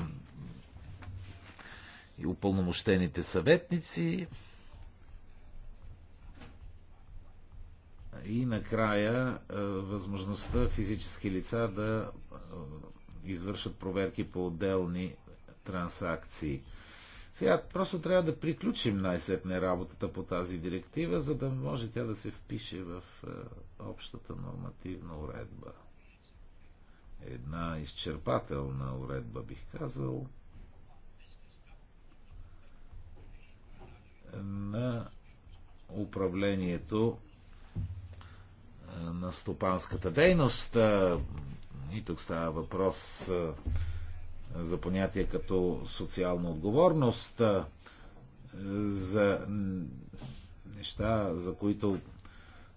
и упълномощените съветници И накрая е, възможността физически лица да е, извършат проверки по отделни трансакции. Сега просто трябва да приключим най-сетне работата по тази директива, за да може тя да се впише в е, общата нормативна уредба. Една изчерпателна уредба, бих казал, на управлението на стопанската дейност. И тук става въпрос за понятие като социална отговорност, за неща, за които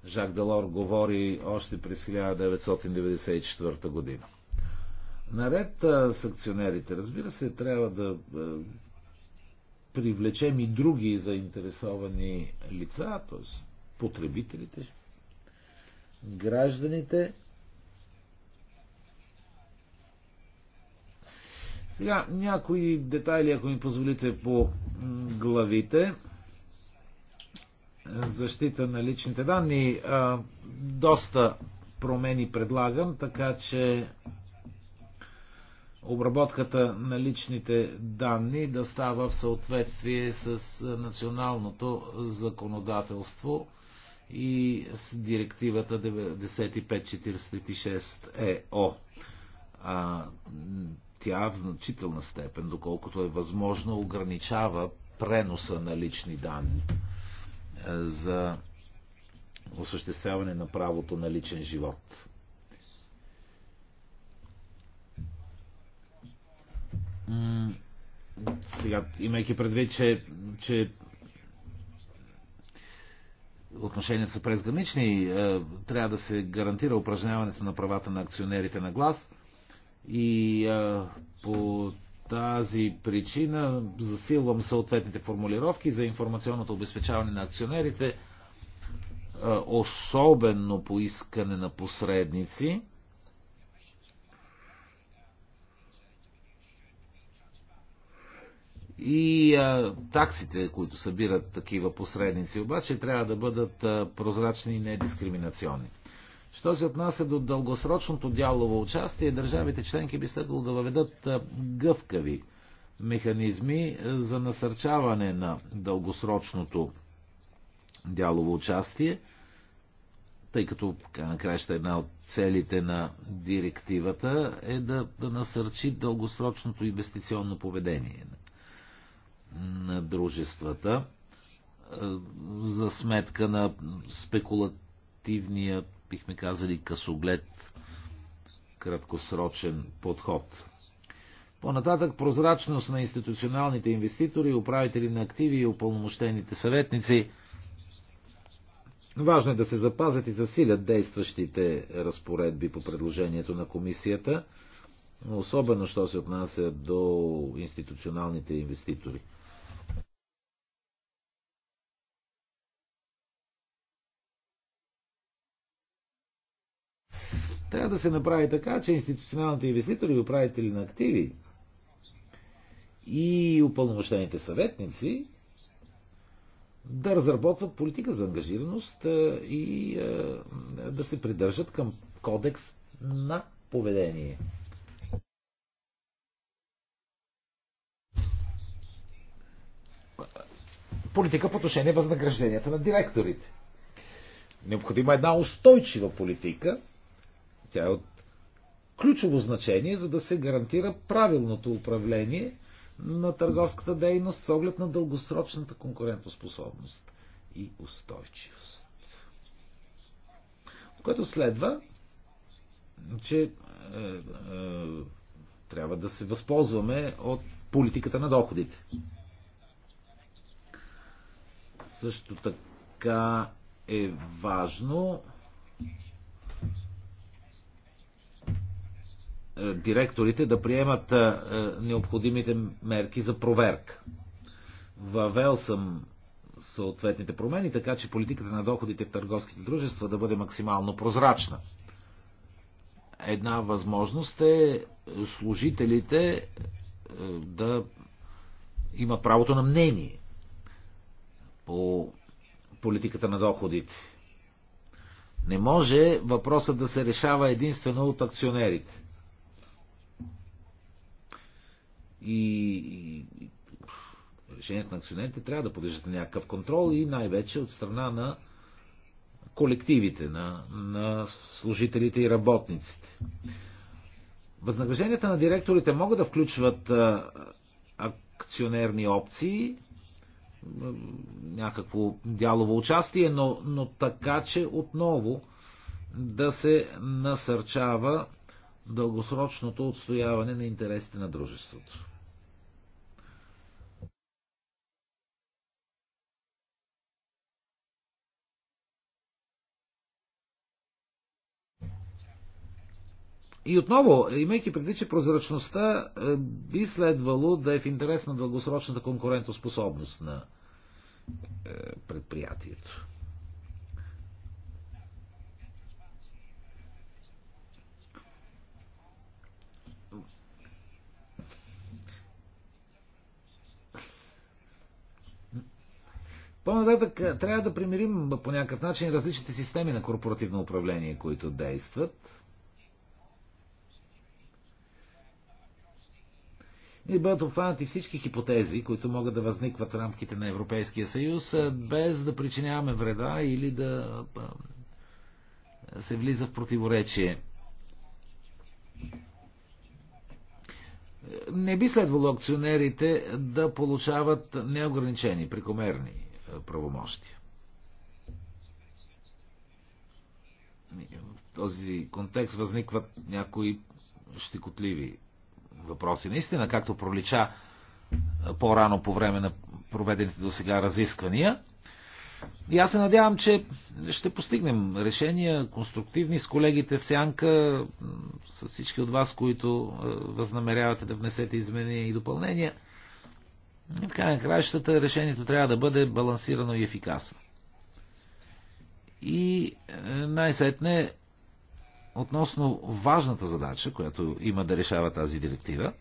Жак Делор говори още през 1994 година. Наред с акционерите, разбира се, трябва да привлечем и други заинтересовани лица, т.е. потребителите, гражданите. Сега някои детайли, ако ми позволите, по главите. Защита на личните данни. Доста промени предлагам, така че обработката на личните данни да става в съответствие с националното законодателство и с директивата 9546 ЕО. А, тя в значителна степен, доколкото е възможно, ограничава преноса на лични данни е, за осъществяване на правото на личен живот. Сега, имайки предвид, че, че отношенията са презгранични, е, трябва да се гарантира упражняването на правата на акционерите на глас и е, по тази причина засилвам съответните формулировки за информационното обезпечаване на акционерите, е, особено по искане на посредници И а, таксите, които събират такива посредници, обаче трябва да бъдат а, прозрачни и недискриминационни. Що се отнася до дългосрочното дялово участие, държавите членки би следвало да въведат а, гъвкави механизми за насърчаване на дългосрочното дялово участие, тъй като накрая една от целите на директивата е да, да насърчи дългосрочното инвестиционно поведение на дружествата е, за сметка на спекулативния, бихме казали, късоглед, краткосрочен подход. Понататък прозрачност на институционалните инвеститори, управители на активи и упълномощените съветници. Важно е да се запазят и засилят действащите разпоредби по предложението на комисията, особено що се отнася до институционалните инвеститори. трябва да се направи така, че институционалните инвеститори и управители на активи и упълномощените съветници да разработват политика за ангажираност и да се придържат към кодекс на поведение. Политика по отношение възнагражденията на директорите. Необходима една устойчива политика, тя е от ключово значение, за да се гарантира правилното управление на търговската дейност с оглед на дългосрочната конкурентоспособност и устойчивост. което следва, че е, е, трябва да се възползваме от политиката на доходите. Също така е важно Е, директорите да приемат е, е, необходимите мерки за проверка. Въвел съм съответните промени, така че политиката на доходите в търговските дружества да бъде максимално прозрачна. Една възможност е служителите да имат правото на мнение по политиката на доходите. Не може въпросът да се решава единствено от акционерите. И, и, и решението на акционерите трябва да подлежат на някакъв контрол и най-вече от страна на колективите, на, на служителите и работниците. Възнагражденията на директорите могат да включват а, акционерни опции, някакво дялово участие, но, но така, че отново да се насърчава дългосрочното отстояване на интересите на дружеството. И отново, имайки предвид, че прозрачността е, би следвало да е в интерес на дългосрочната конкурентоспособност на е, предприятието. По-нататък е, трябва да примирим по някакъв начин различните системи на корпоративно управление, които действат. и бъдат обхванати всички хипотези, които могат да възникват в рамките на Европейския съюз, без да причиняваме вреда или да се влиза в противоречие. Не би следвало акционерите да получават неограничени, прекомерни правомощия. В този контекст възникват някои щекотливи въпроси. Наистина, както пролича по-рано по време на проведените до сега разисквания. И аз се надявам, че ще постигнем решения конструктивни с колегите в Сянка, с всички от вас, които възнамерявате да внесете изменения и допълнения. И така на краищата решението трябва да бъде балансирано и ефикасно. И е, най-сетне относно важната задача, която има да решава тази директива,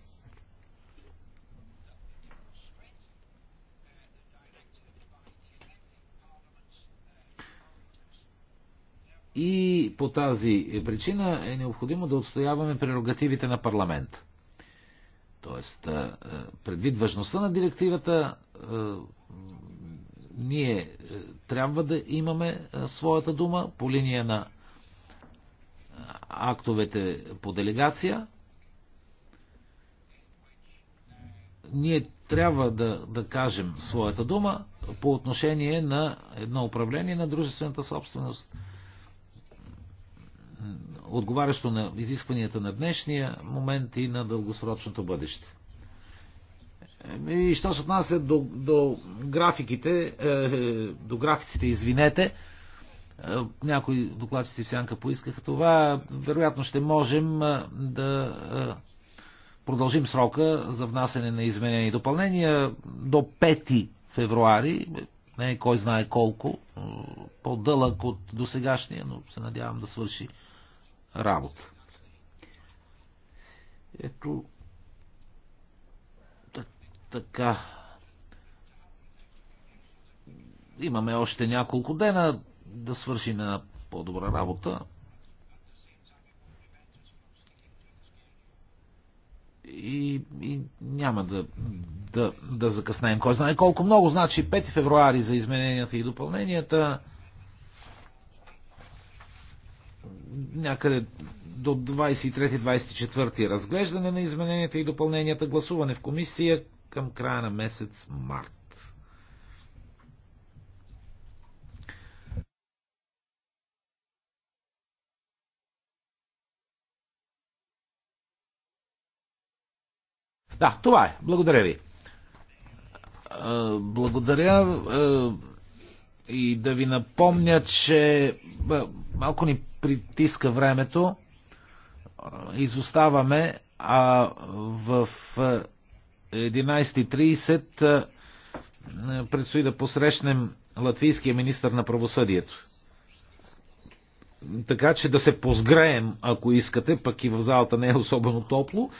И по тази причина е необходимо да отстояваме прерогативите на парламент. Тоест, предвид важността на директивата, ние трябва да имаме своята дума по линия на актовете по делегация, ние трябва да, да кажем своята дума по отношение на едно управление на дружествената собственост, отговарящо на изискванията на днешния момент и на дългосрочното бъдеще. Е, и що се отнася до, до графиките, е, е, до графиците, извинете, е, някои докладчици в Сянка поискаха това. Вероятно ще можем е, да е, продължим срока за внасене на изменения и допълнения до 5 февруари. Не кой знае колко. По-дълъг от досегашния, но се надявам да свърши работа. Ето така. Имаме още няколко дена да свършим една по-добра работа. И, и няма да, да, да закъснем. Кой знае колко много, значи 5 февруари за измененията и допълненията. Някъде до 23-24 разглеждане на измененията и допълненията, гласуване в комисия към края на месец март. Да, това е. Благодаря ви. Благодаря и да ви напомня, че малко ни притиска времето. Изоставаме, а в 11.30 предстои да посрещнем латвийския министр на правосъдието. Така че да се позгреем, ако искате, пък и в залата не е особено топло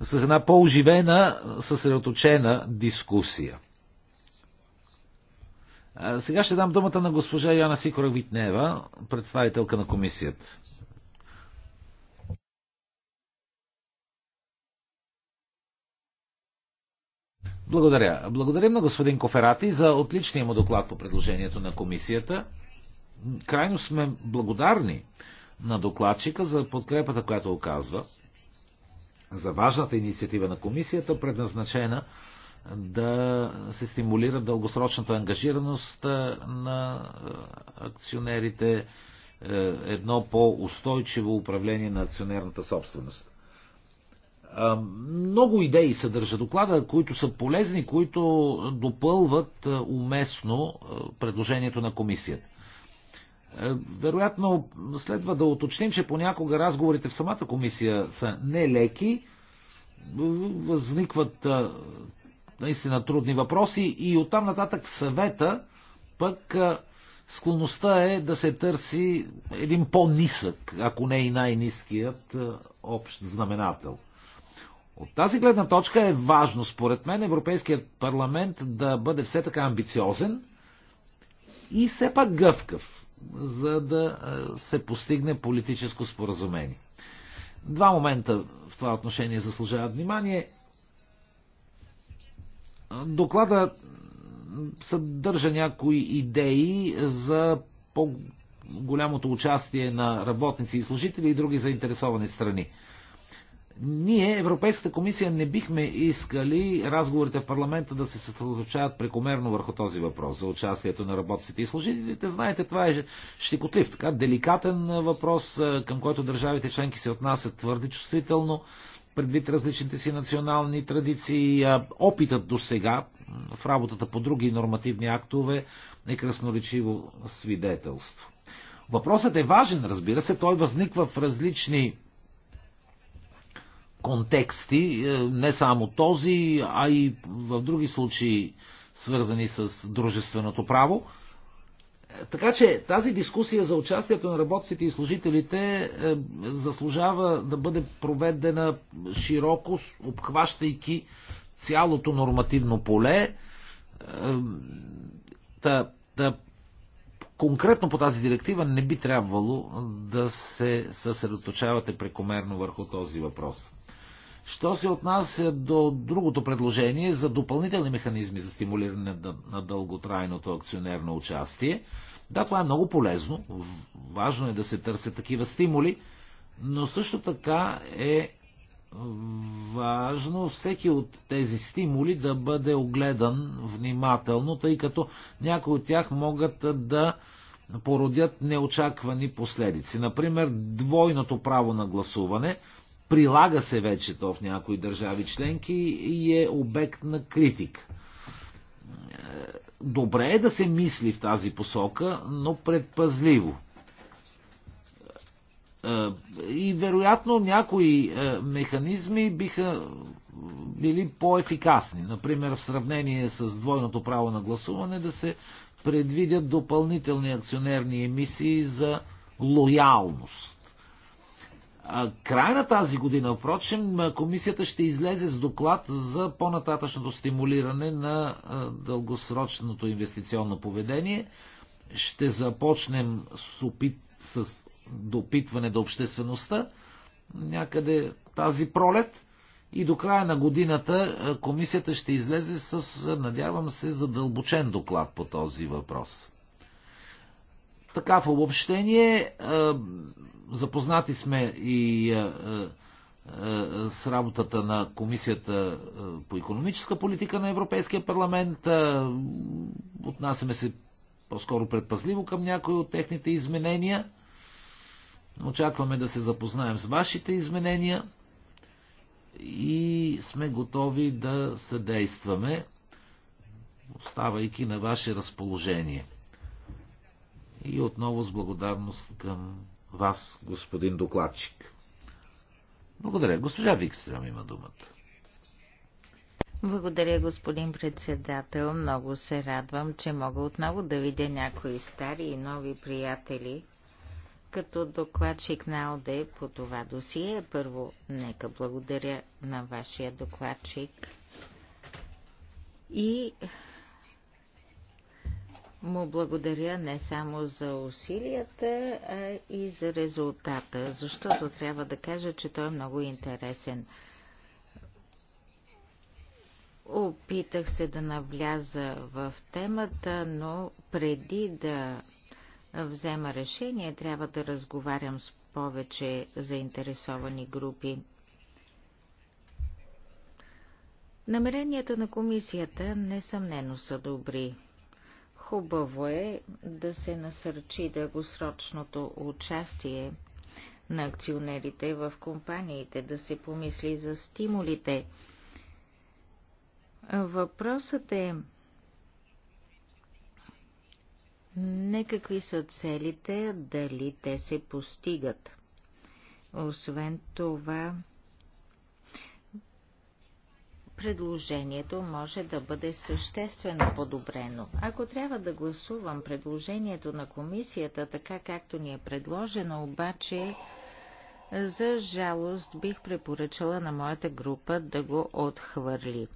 с една по-оживена, съсредоточена дискусия. Сега ще дам думата на госпожа Яна Сикора Витнева, представителка на комисията. Благодаря. Благодарим на господин Коферати за отличния му доклад по предложението на комисията. Крайно сме благодарни на докладчика за подкрепата, която оказва за важната инициатива на комисията, предназначена да се стимулира дългосрочната ангажираност на акционерите, е, едно по-устойчиво управление на акционерната собственост. Много идеи съдържа доклада, които са полезни, които допълват уместно предложението на комисията. Е, вероятно следва да уточним, че понякога разговорите в самата комисия са нелеки, възникват е, наистина трудни въпроси и оттам нататък съвета пък е, склонността е да се търси един по-нисък, ако не и най-низкият общ знаменател. От тази гледна точка е важно, според мен, Европейският парламент да бъде все така амбициозен и все пак гъвкав за да се постигне политическо споразумение. Два момента в това отношение заслужават внимание. Доклада съдържа някои идеи за по-голямото участие на работници и служители и други заинтересовани страни – ние, Европейската комисия, не бихме искали разговорите в парламента да се съсредоточават прекомерно върху този въпрос за участието на работците и служителите. Знаете, това е щекотлив, така деликатен въпрос, към който държавите членки се отнасят твърде чувствително предвид различните си национални традиции. Опитът до сега в работата по други нормативни актове е красноречиво свидетелство. Въпросът е важен, разбира се, той възниква в различни контексти, е, не само този, а и в други случаи, свързани с дружественото право. Е, така че тази дискусия за участието на работците и служителите е, заслужава да бъде проведена широко, обхващайки цялото нормативно поле. Та, та, конкретно по тази директива не би трябвало да се съсредоточавате прекомерно върху този въпрос. Що се отнася до другото предложение за допълнителни механизми за стимулиране на дълготрайното акционерно участие, да, това е много полезно. Важно е да се търсят такива стимули, но също така е важно всеки от тези стимули да бъде огледан внимателно, тъй като някои от тях могат да породят неочаквани последици. Например, двойното право на гласуване – Прилага се вече то в някои държави членки и е обект на критика. Е, добре е да се мисли в тази посока, но предпазливо. Е, и вероятно някои е, механизми биха били по-ефикасни. Например, в сравнение с двойното право на гласуване да се предвидят допълнителни акционерни емисии за лоялност Край на тази година, впрочем, комисията ще излезе с доклад за по-нататъчното стимулиране на дългосрочното инвестиционно поведение. Ще започнем с, опит, с допитване до обществеността някъде тази пролет и до края на годината комисията ще излезе с, надявам се, задълбочен доклад по този въпрос. Така в обобщение, е, запознати сме и е, е, с работата на Комисията по економическа политика на Европейския парламент. Отнасяме се по-скоро предпазливо към някои от техните изменения. Очакваме да се запознаем с вашите изменения и сме готови да съдействаме, оставайки на ваше разположение. И отново с благодарност към вас, господин докладчик. Благодаря. Госпожа Викстрам има думата. Благодаря, господин председател. Много се радвам, че мога отново да видя някои стари и нови приятели. Като докладчик на ОДЕ по това досие, първо нека благодаря на вашия докладчик и му благодаря не само за усилията, а и за резултата, защото трябва да кажа, че той е много интересен. Опитах се да навляза в темата, но преди да взема решение, трябва да разговарям с повече заинтересовани групи. Намеренията на комисията несъмнено са добри. Хубаво е да се насърчи дългосрочното участие на акционерите в компаниите, да се помисли за стимулите. Въпросът е не какви са целите, дали те се постигат. Освен това, предложението може да бъде съществено подобрено. Ако трябва да гласувам предложението на комисията така както ни е предложено, обаче за жалост бих препоръчала на моята група да го отхвърли.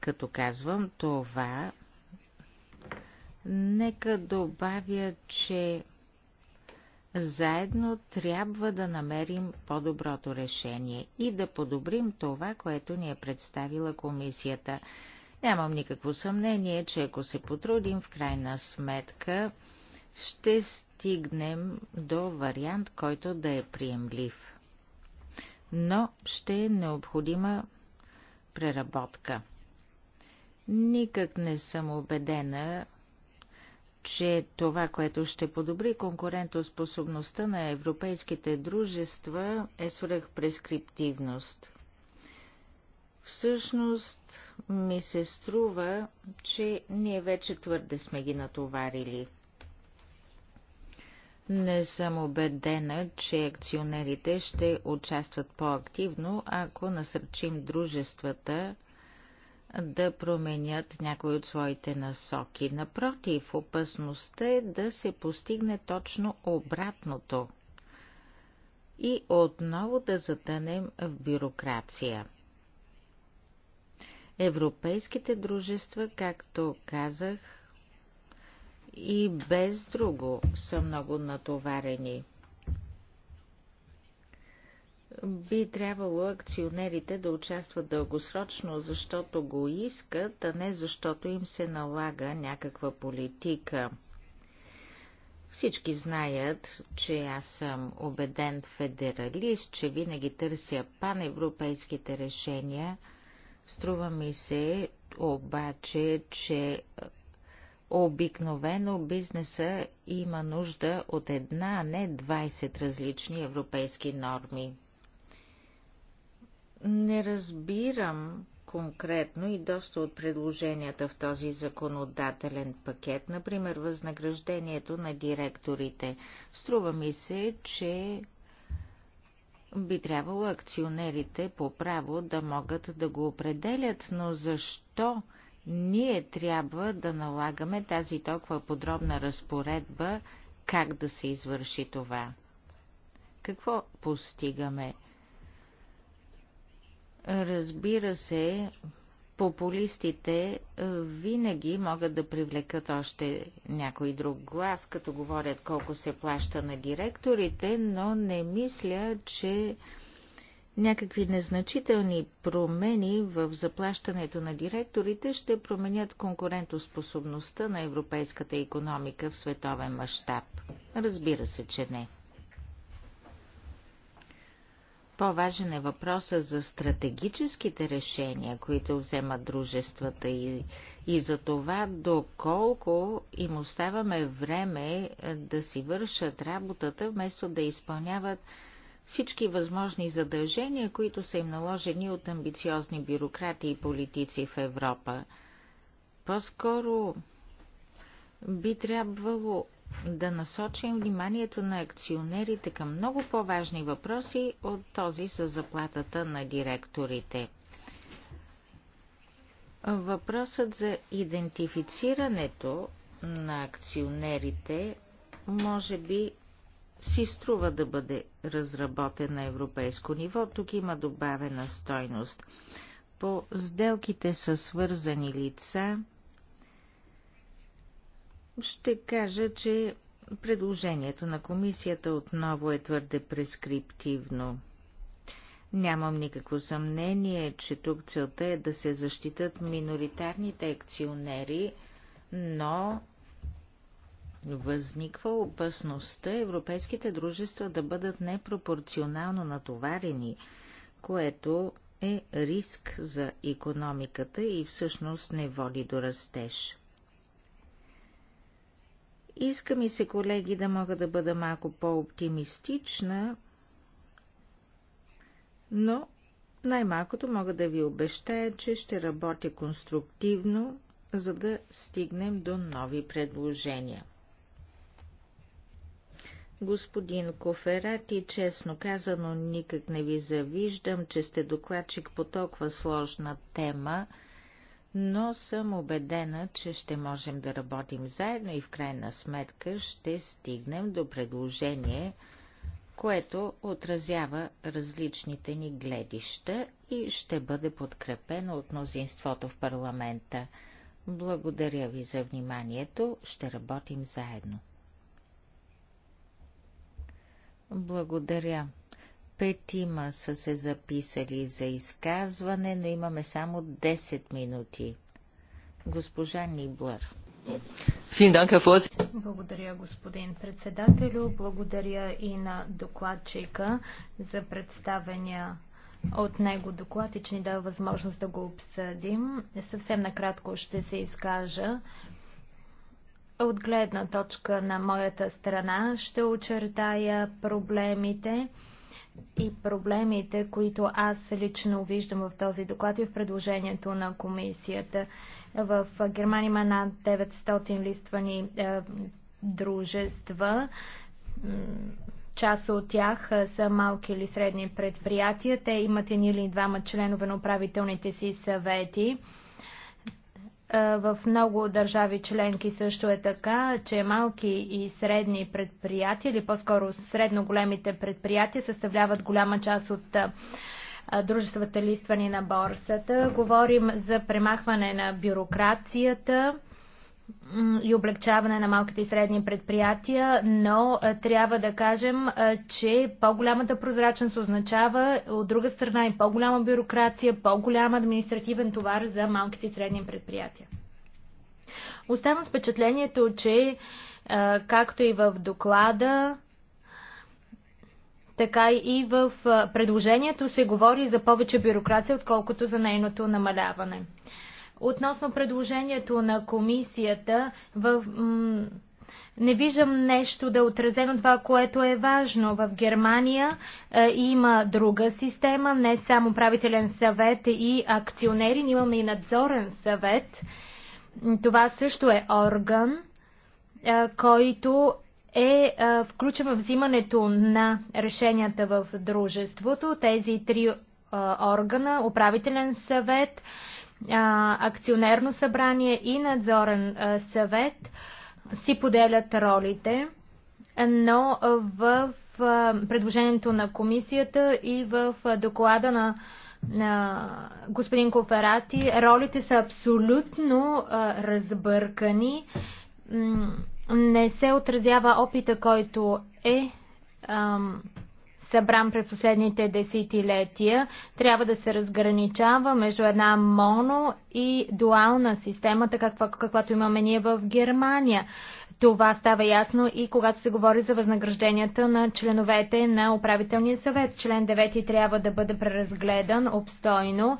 Като казвам това, нека добавя, че заедно трябва да намерим по-доброто решение и да подобрим това, което ни е представила комисията. Нямам никакво съмнение, че ако се потрудим, в крайна сметка ще стигнем до вариант, който да е приемлив. Но ще е необходима преработка. Никак не съм убедена, че това, което ще подобри конкурентоспособността на европейските дружества е свръхпрескриптивност. Всъщност ми се струва, че ние вече твърде сме ги натоварили. Не съм убедена, че акционерите ще участват по-активно, ако насърчим дружествата да променят някои от своите насоки. Напротив, опасността е да се постигне точно обратното и отново да затънем в бюрокрация. Европейските дружества, както казах, и без друго са много натоварени – би трябвало акционерите да участват дългосрочно, защото го искат, а не защото им се налага някаква политика. Всички знаят, че аз съм убеден федералист, че винаги търся паневропейските решения. Струва ми се обаче, че Обикновено бизнеса има нужда от една, а не 20 различни европейски норми. Не разбирам конкретно и доста от предложенията в този законодателен пакет, например възнаграждението на директорите. Струва ми се, че би трябвало акционерите по право да могат да го определят, но защо ние трябва да налагаме тази толкова подробна разпоредба как да се извърши това? Какво постигаме? Разбира се, популистите е, винаги могат да привлекат още някой друг глас, като говорят колко се плаща на директорите, но не мисля, че някакви незначителни промени в заплащането на директорите ще променят конкурентоспособността на европейската економика в световен мащаб. Разбира се, че не. По-важен е въпроса за стратегическите решения, които вземат дружествата и, и за това доколко им оставаме време е, да си вършат работата, вместо да изпълняват всички възможни задължения, които са им наложени от амбициозни бюрократи и политици в Европа. По-скоро би трябвало да насочим вниманието на акционерите към много по-важни въпроси от този с заплатата на директорите. Въпросът за идентифицирането на акционерите може би си струва да бъде разработен на европейско ниво. Тук има добавена стойност. По сделките са свързани лица – ще кажа, че предложението на комисията отново е твърде прескриптивно. Нямам никакво съмнение, че тук целта е да се защитат миноритарните акционери, но възниква опасността европейските дружества да бъдат непропорционално натоварени, което е риск за економиката и всъщност не води до растеж. Иска ми се, колеги, да мога да бъда малко по-оптимистична, но най-малкото мога да ви обещая, че ще работя конструктивно, за да стигнем до нови предложения. Господин Коферати, честно казано, никак не ви завиждам, че сте докладчик по толкова сложна тема – но съм убедена, че ще можем да работим заедно и в крайна сметка ще стигнем до предложение, което отразява различните ни гледища и ще бъде подкрепено от мнозинството в парламента. Благодаря ви за вниманието, ще работим заедно. Благодаря. Петима са се записали за изказване, но имаме само 10 минути. Госпожа Ниблър. Благодаря, господин председателю. Благодаря и на докладчика за представения от него доклад и че ни дава възможност да го обсъдим. Съвсем накратко ще се изкажа. От гледна точка на моята страна ще очертая проблемите и проблемите, които аз лично виждам в този доклад и в предложението на комисията. В Германия има над 900 листвани е, дружества. Част от тях е, са малки или средни предприятия. Те имат един или двама членове на управителните си съвети. В много държави членки също е така, че малки и средни предприятия, или по-скоро средно големите предприятия, съставляват голяма част от дружествата листвани на борсата. Говорим за премахване на бюрокрацията и облегчаване на малките и средни предприятия, но трябва да кажем, че по-голямата прозрачност означава от друга страна и по-голяма бюрокрация, по-голям административен товар за малките и средни предприятия. Оставам с впечатлението, че както и в доклада, така и в предложението се говори за повече бюрокрация, отколкото за нейното намаляване. Относно предложението на комисията, в, не виждам нещо да е отразено това, което е важно. В Германия е, има друга система, не само правителен съвет и акционери, но имаме и надзорен съвет. Това също е орган, е, който е, е включен в взимането на решенията в дружеството. Тези три е, органа, управителен съвет, е, акционерно събрание и надзорен съвет си поделят ролите, но в предложението на комисията и в доклада на, на господин Коферати ролите са абсолютно разбъркани. Не се отразява опита, който е събран през последните десетилетия, трябва да се разграничава между една моно и дуална система, каква, каквато имаме ние в Германия. Това става ясно и когато се говори за възнагражденията на членовете на управителния съвет. Член 9 трябва да бъде преразгледан обстойно.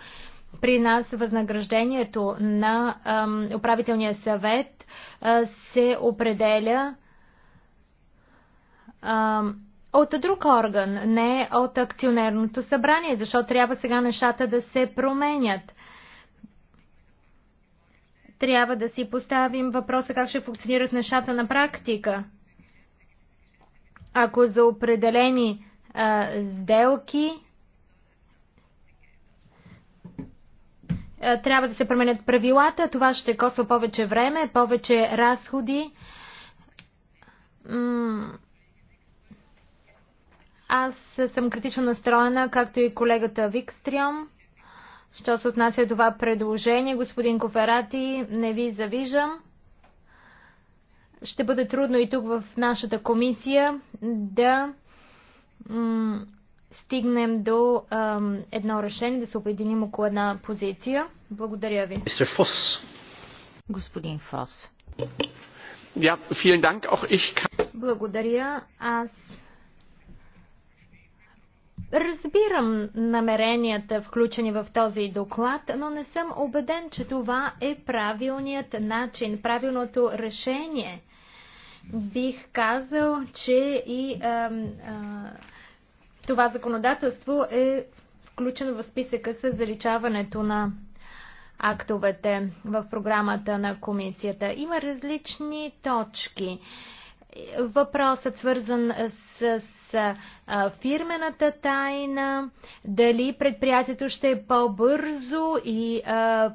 При нас възнаграждението на ам, управителния съвет а, се определя ам, от друг орган, не от акционерното събрание, защото трябва сега нещата да се променят. Трябва да си поставим въпроса как ще функционират нещата на практика. Ако за определени а, сделки а, трябва да се променят правилата, това ще коства повече време, повече разходи. М аз съм критично настроена, както и колегата Викстрям. Що се отнася до това предложение, господин Коферати, не ви завиждам. Ще бъде трудно и тук в нашата комисия да стигнем до ам, едно решение, да се обединим около една позиция. Благодаря ви. Фос. Господин Фос. dank, auch ich... Благодаря. Аз Разбирам намеренията, включени в този доклад, но не съм убеден, че това е правилният начин, правилното решение. Бих казал, че и а, а, това законодателство е включено в списъка с заличаването на актовете в програмата на комисията. Има различни точки. Въпросът свързан с, с фирмената тайна, дали предприятието ще е по-бързо и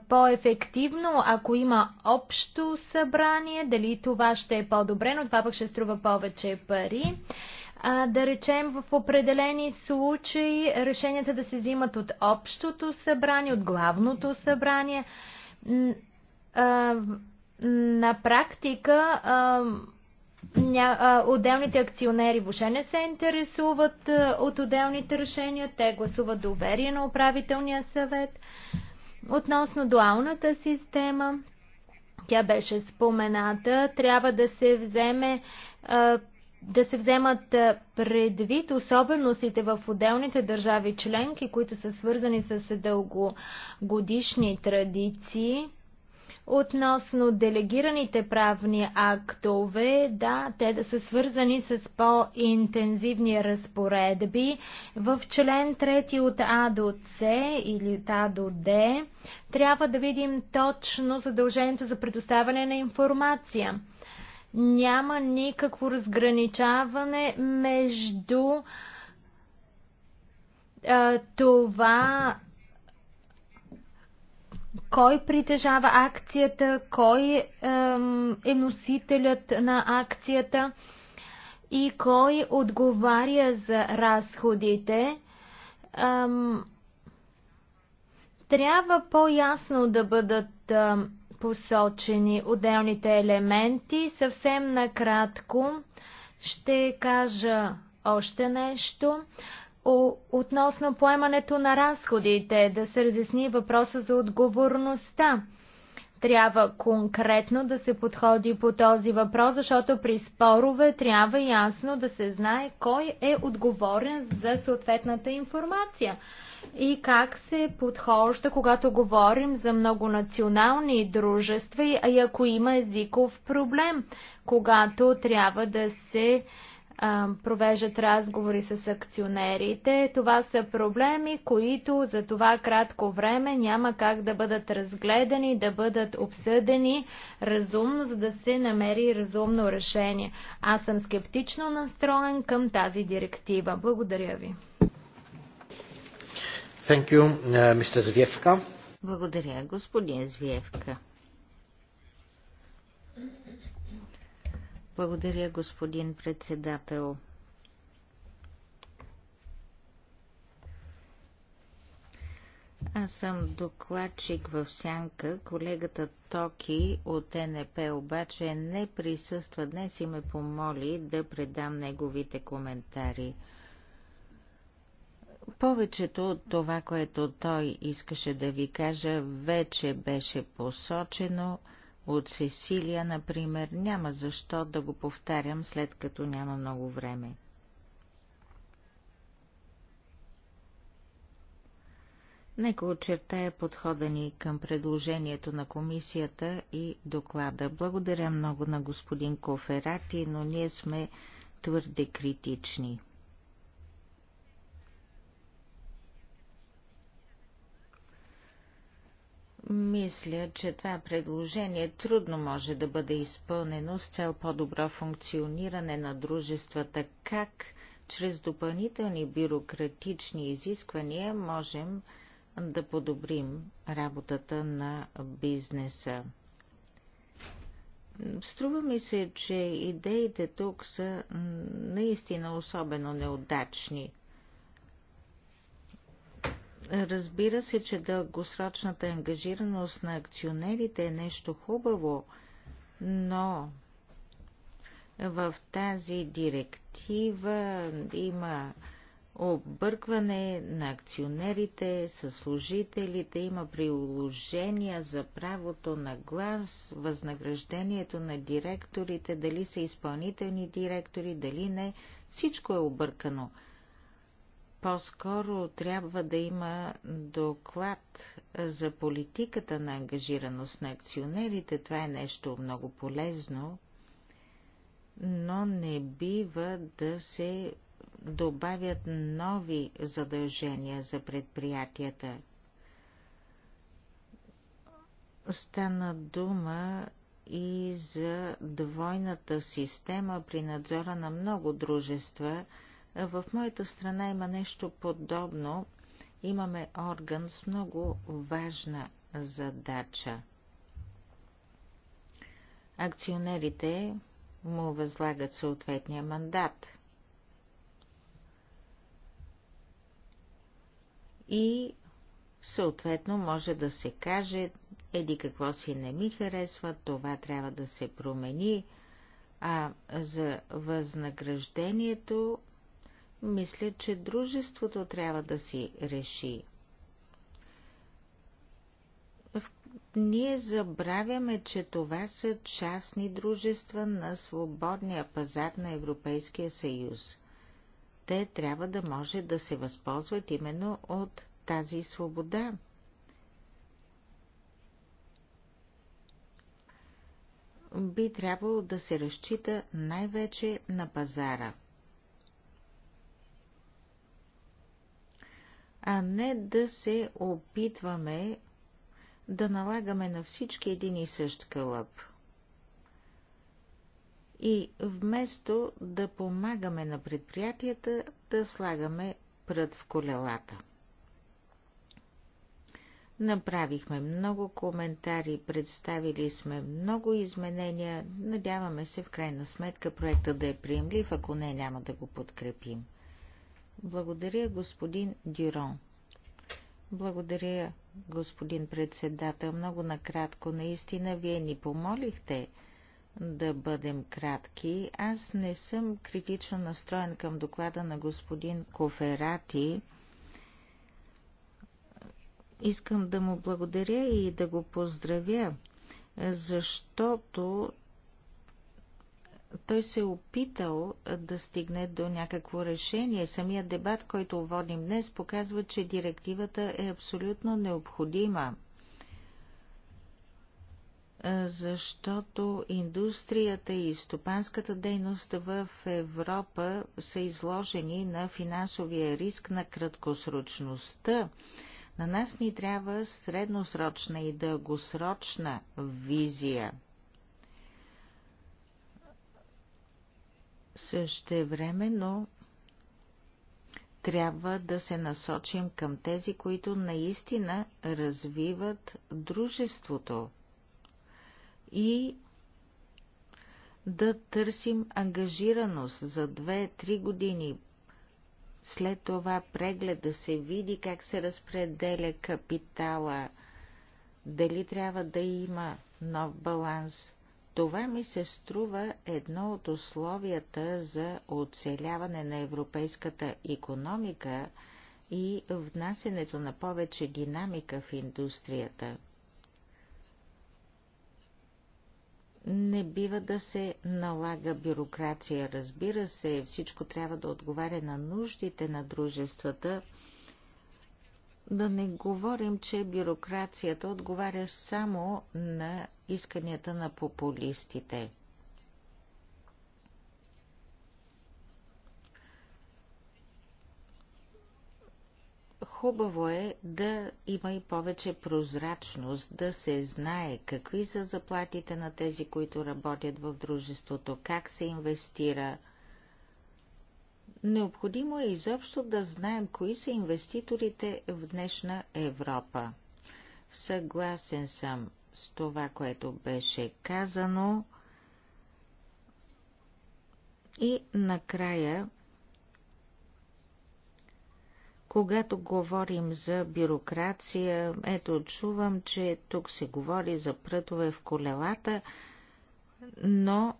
по-ефективно, ако има общо събрание, дали това ще е по-добре, но това пък ще струва повече пари. да речем в определени случаи решенията да се взимат от общото събрание, от главното събрание. на практика Ня, отделните акционери въобще не се интересуват от отделните решения, те гласуват доверие на управителния съвет. Относно дуалната система, тя беше спомената, трябва да се вземе да се вземат предвид особеностите в отделните държави членки, които са свързани с дългогодишни традиции. Относно делегираните правни актове, да, те да са свързани с по-интензивни разпоредби. В член 3 от А до С или от А до Д трябва да видим точно задължението за предоставяне на информация. Няма никакво разграничаване между това кой притежава акцията, кой е носителят на акцията и кой отговаря за разходите. Трябва по-ясно да бъдат посочени отделните елементи. Съвсем накратко ще кажа още нещо относно поемането на разходите, да се разясни въпроса за отговорността. Трябва конкретно да се подходи по този въпрос, защото при спорове трябва ясно да се знае кой е отговорен за съответната информация и как се подхожда, когато говорим за многонационални дружества и ако има езиков проблем, когато трябва да се провеждат разговори с акционерите. Това са проблеми, които за това кратко време няма как да бъдат разгледани, да бъдат обсъдени разумно, за да се намери разумно решение. Аз съм скептично настроен към тази директива. Благодаря ви. Thank you, uh, Mr. Zviefka. Благодаря, господин Звиевка. Благодаря, господин председател. Аз съм докладчик в Сянка. Колегата Токи от НП обаче не присъства днес и ме помоли да предам неговите коментари. Повечето от това, което той искаше да ви кажа, вече беше посочено – от Сесилия, например, няма защо да го повтарям, след като няма много време. Нека очертая подхода ни към предложението на комисията и доклада. Благодаря много на господин Коферати, но ние сме твърде критични. Мисля, че това предложение трудно може да бъде изпълнено с цел по-добро функциониране на дружествата. Как чрез допълнителни бюрократични изисквания можем да подобрим работата на бизнеса? Струва ми се, че идеите тук са наистина особено неудачни – Разбира се, че дългосрочната ангажираност на акционерите е нещо хубаво, но в тази директива има объркване на акционерите, със служителите, има приложения за правото на глас, възнаграждението на директорите, дали са изпълнителни директори, дали не, всичко е объркано – по-скоро трябва да има доклад за политиката на ангажираност на акционерите. Това е нещо много полезно, но не бива да се добавят нови задължения за предприятията. Стана дума и за двойната система при надзора на много дружества – в моята страна има нещо подобно. Имаме орган с много важна задача. Акционерите му възлагат съответния мандат. И съответно може да се каже, еди какво си не ми харесва, това трябва да се промени, а за възнаграждението мисля, че дружеството трябва да си реши. Ние забравяме, че това са частни дружества на свободния пазар на Европейския съюз. Те трябва да може да се възползват именно от тази свобода. Би трябвало да се разчита най-вече на пазара – а не да се опитваме да налагаме на всички един и същ кълъп. И вместо да помагаме на предприятията, да слагаме прът в колелата. Направихме много коментари, представили сме много изменения. Надяваме се в крайна сметка проекта да е приемлив, ако не, няма да го подкрепим. Благодаря, господин Дюрон. Благодаря, господин председател. Много накратко, наистина, вие ни помолихте да бъдем кратки. Аз не съм критично настроен към доклада на господин Коферати. Искам да му благодаря и да го поздравя, защото той се е опитал да стигне до някакво решение. Самият дебат, който водим днес, показва, че директивата е абсолютно необходима, защото индустрията и стопанската дейност в Европа са изложени на финансовия риск на краткосрочността. На нас ни трябва средносрочна и дългосрочна визия – Също време, но трябва да се насочим към тези, които наистина развиват дружеството и да търсим ангажираност за 2-3 години. След това преглед да се види как се разпределя капитала, дали трябва да има нов баланс – това ми се струва едно от условията за оцеляване на европейската економика и внасенето на повече динамика в индустрията. Не бива да се налага бюрокрация, разбира се, всичко трябва да отговаря на нуждите на дружествата, да не говорим, че бюрокрацията отговаря само на исканията на популистите. Хубаво е да има и повече прозрачност, да се знае какви са заплатите на тези, които работят в дружеството, как се инвестира. Необходимо е изобщо да знаем кои са инвеститорите в днешна Европа. Съгласен съм, с това, което беше казано. И накрая, когато говорим за бюрокрация, ето чувам, че тук се говори за прътове в колелата, но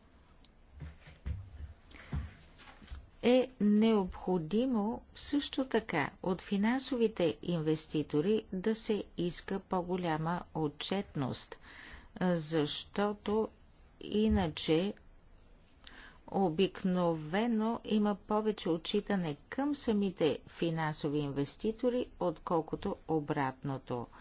е необходимо също така от финансовите инвеститори да се иска по-голяма отчетност, защото иначе обикновено има повече отчитане към самите финансови инвеститори, отколкото обратното –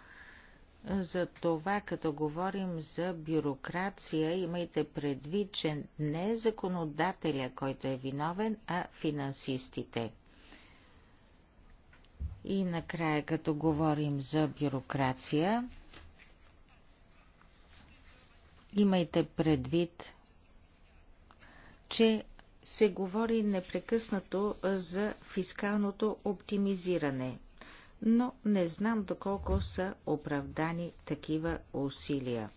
за това, като говорим за бюрокрация, имайте предвид, че не е законодателя, който е виновен, а финансистите. И накрая, като говорим за бюрокрация, имайте предвид, че се говори непрекъснато за фискалното оптимизиране – но не знам доколко са оправдани такива усилия.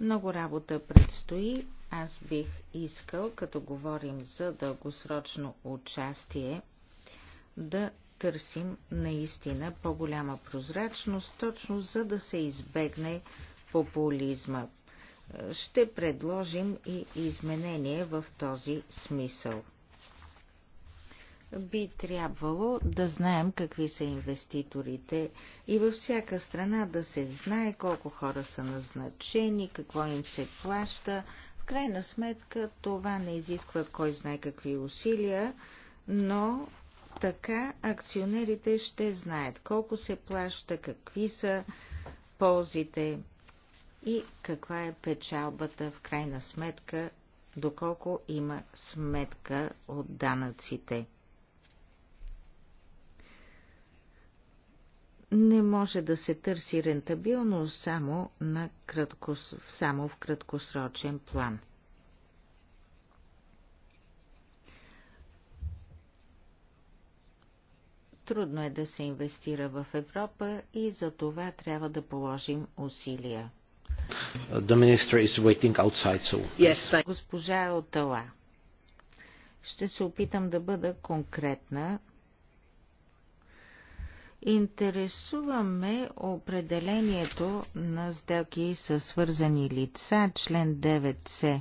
Много работа предстои. Аз бих искал, като говорим за дългосрочно участие, да търсим наистина по-голяма прозрачност, точно за да се избегне популизма. Ще предложим и изменение в този смисъл би трябвало да знаем какви са инвеститорите и във всяка страна да се знае колко хора са назначени, какво им се плаща. В крайна сметка това не изисква кой знае какви усилия, но така акционерите ще знаят колко се плаща, какви са ползите и каква е печалбата в крайна сметка, доколко има сметка от данъците. Не може да се търси рентабилно само, на краткос... само в краткосрочен план. Трудно е да се инвестира в Европа и за това трябва да положим усилия. Outside, so... yes, Госпожа Отала, ще се опитам да бъда конкретна, Интересуваме определението на сделки с свързани лица, член 9c.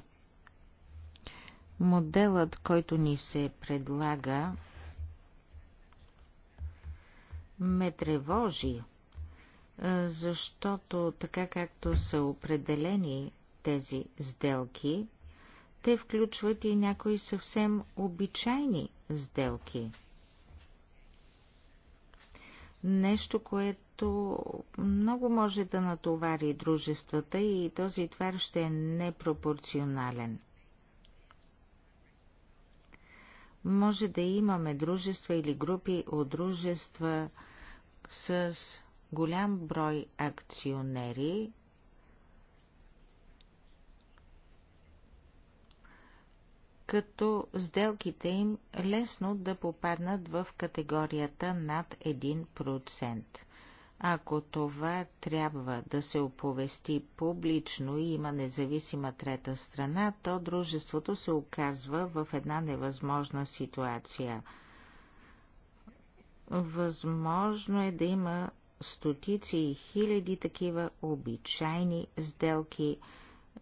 Моделът, който ни се предлага, ме тревожи, защото така както са определени тези сделки, те включват и някои съвсем обичайни сделки – нещо, което много може да натовари дружествата и този твар ще е непропорционален. Може да имаме дружества или групи от дружества с голям брой акционери, като сделките им лесно да попаднат в категорията над 1%. Ако това трябва да се оповести публично и има независима трета страна, то дружеството се оказва в една невъзможна ситуация. Възможно е да има стотици и хиляди такива обичайни сделки –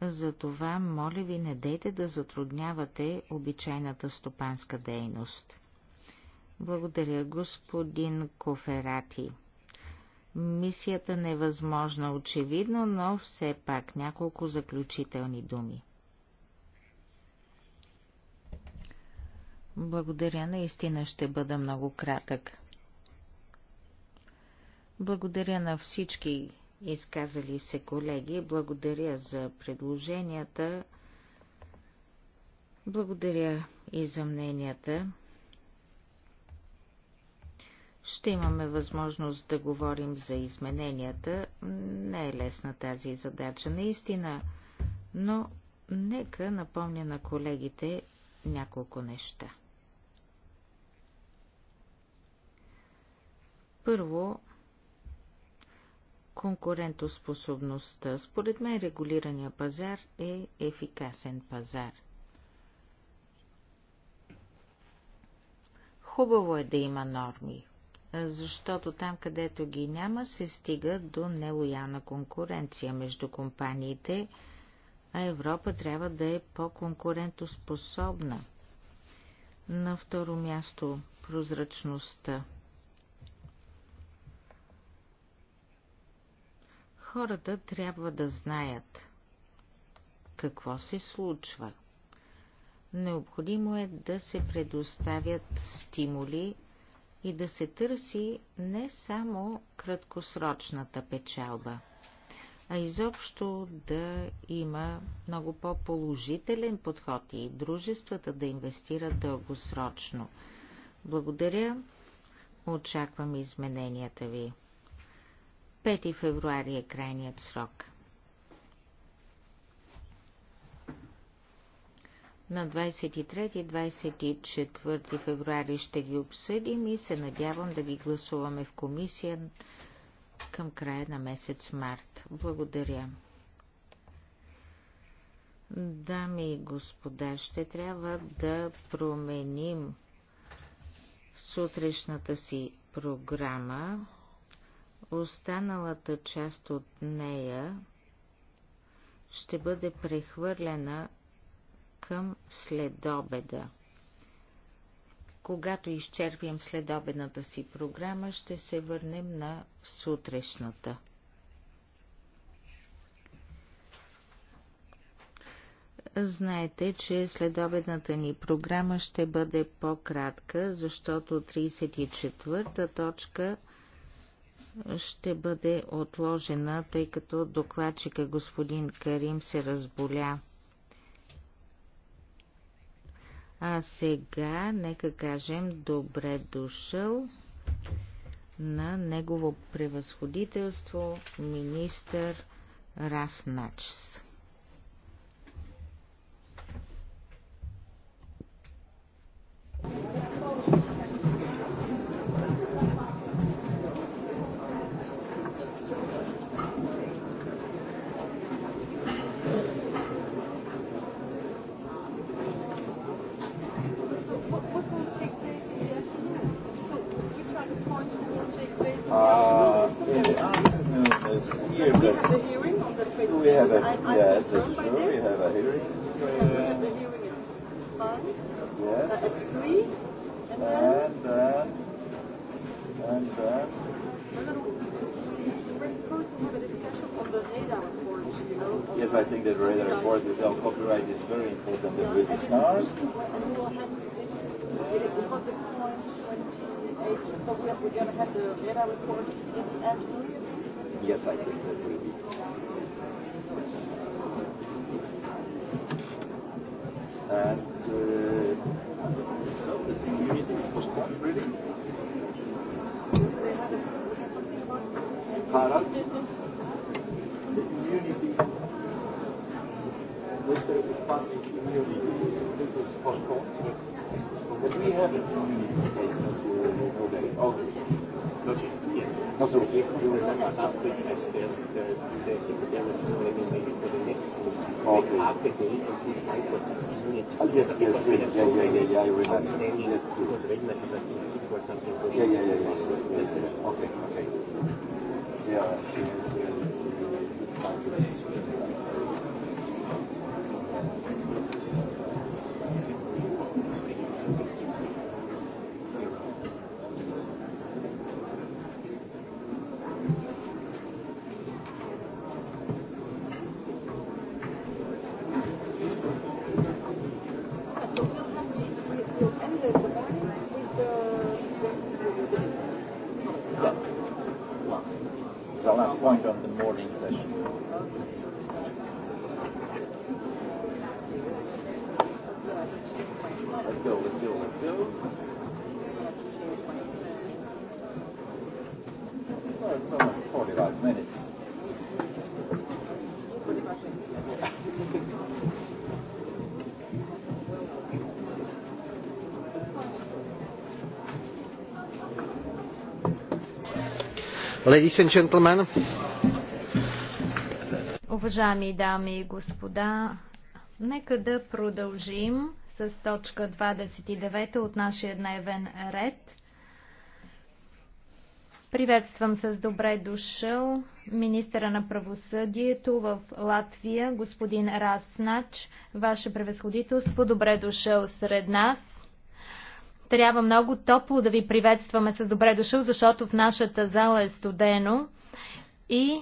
затова, моля ви, не дейте да затруднявате обичайната стопанска дейност. Благодаря, господин Коферати. Мисията невъзможна очевидно, но все пак няколко заключителни думи. Благодаря, наистина ще бъда много кратък. Благодаря на всички изказали се колеги. Благодаря за предложенията. Благодаря и за мненията. Ще имаме възможност да говорим за измененията. Не е лесна тази задача, наистина, но нека напомня на колегите няколко неща. Първо, конкурентоспособността. Според мен регулирания пазар е ефикасен пазар. Хубаво е да има норми, защото там, където ги няма, се стига до нелоялна конкуренция между компаниите, а Европа трябва да е по-конкурентоспособна. На второ място прозрачността – Хората трябва да знаят какво се случва. Необходимо е да се предоставят стимули и да се търси не само краткосрочната печалба, а изобщо да има много по-положителен подход и дружествата да инвестират дългосрочно. Благодаря. Очаквам измененията ви. 5 февруари е крайният срок. На 23-24 февруари ще ги обсъдим и се надявам да ги гласуваме в комисия към края на месец март. Благодаря. Дами и господа, ще трябва да променим сутрешната си програма останалата част от нея ще бъде прехвърлена към следобеда. Когато изчерпим следобедната си програма, ще се върнем на сутрешната. Знаете, че следобедната ни програма ще бъде по-кратка, защото 34-та точка – ще бъде отложена, тъй като докладчика господин Карим се разболя. А сега нека кажем добре дошъл на негово превъзходителство министър Расначс. we have a, yes, that's true. We have a hearing. the hearing five. Yes. three. And then. And then. were supposed to have a discussion on the radar report, you know. Yes, I think that radar report is our copyright is very important that we discuss. And we will have this. It was the point 28. So we're going to have the radar report in the afternoon. Yes, I think that will be. And uh, so the senior meeting is postponed, really? Harald? The immunity. Mr. passing immunity is, is postponed. But we have an immunity case. Okay. okay. Okay. After the was 16 Yes, yes, yeah, yeah, yeah, yeah, I remember. yes, is like in sick or something. So yeah, yeah, yeah, yeah, yeah, yeah, yeah. Okay, okay. Yeah, she uh, Уважаеми дами и господа, нека да продължим с точка 29 от нашия дневен ред. Приветствам с добре дошъл министъра на правосъдието в Латвия, господин Раснач. Ваше превъзходителство, добре дошъл сред нас. Трябва много топло да ви приветстваме с добре дошъл, защото в нашата зала е студено и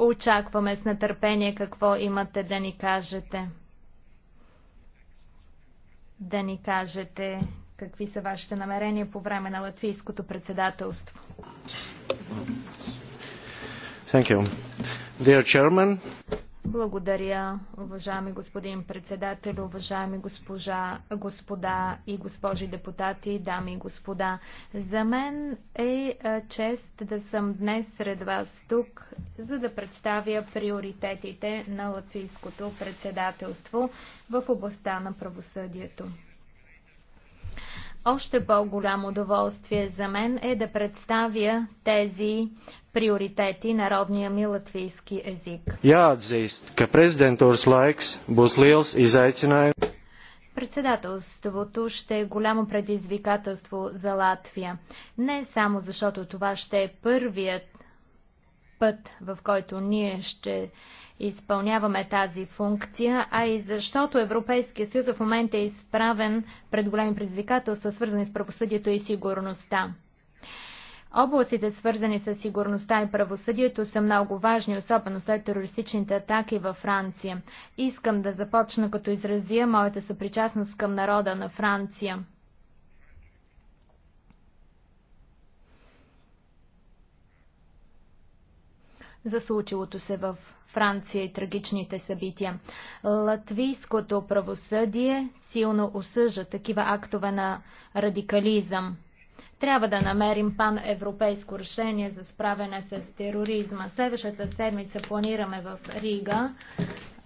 очакваме с нетърпение какво имате да ни кажете. Да ни кажете какви са вашите намерения по време на латвийското председателство. Thank you. Dear chairman, благодаря, уважаеми господин председател, уважаеми госпожа, господа и госпожи депутати, дами и господа. За мен е, е чест да съм днес сред вас тук, за да представя приоритетите на латвийското председателство в областта на правосъдието. Още по-голямо удоволствие за мен е да представя тези приоритети народния ми латвийски език. Jāatzīst, ka prezidentūras laiks būs liels izaicinājums. Председателството ще е голямо предизвикателство за Латвия. Не само защото това ще е първият път, в който ние ще изпълняваме тази функция, а и защото Европейския съюз в момента е изправен пред големи предизвикателства, свързани с правосъдието и сигурността. Областите, свързани с сигурността и правосъдието, са много важни, особено след терористичните атаки във Франция. Искам да започна като изразя моята съпричастност към народа на Франция. за случилото се в Франция и трагичните събития. Латвийското правосъдие силно осъжа такива актове на радикализъм. Трябва да намерим паневропейско решение за справяне с тероризма. Следващата седмица планираме в Рига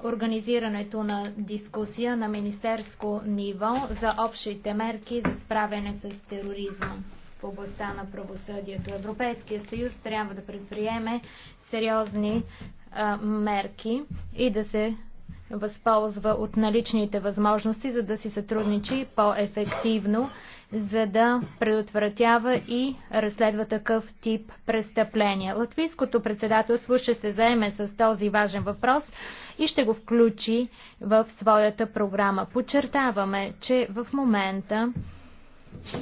организирането на дискусия на министерско ниво за общите мерки за справяне с тероризма в областта на правосъдието. Европейския съюз трябва да предприеме сериозни а, мерки и да се възползва от наличните възможности, за да си сътрудничи по-ефективно, за да предотвратява и разследва такъв тип престъпления. Латвийското председателство ще се заеме с този важен въпрос и ще го включи в своята програма. Подчертаваме, че в момента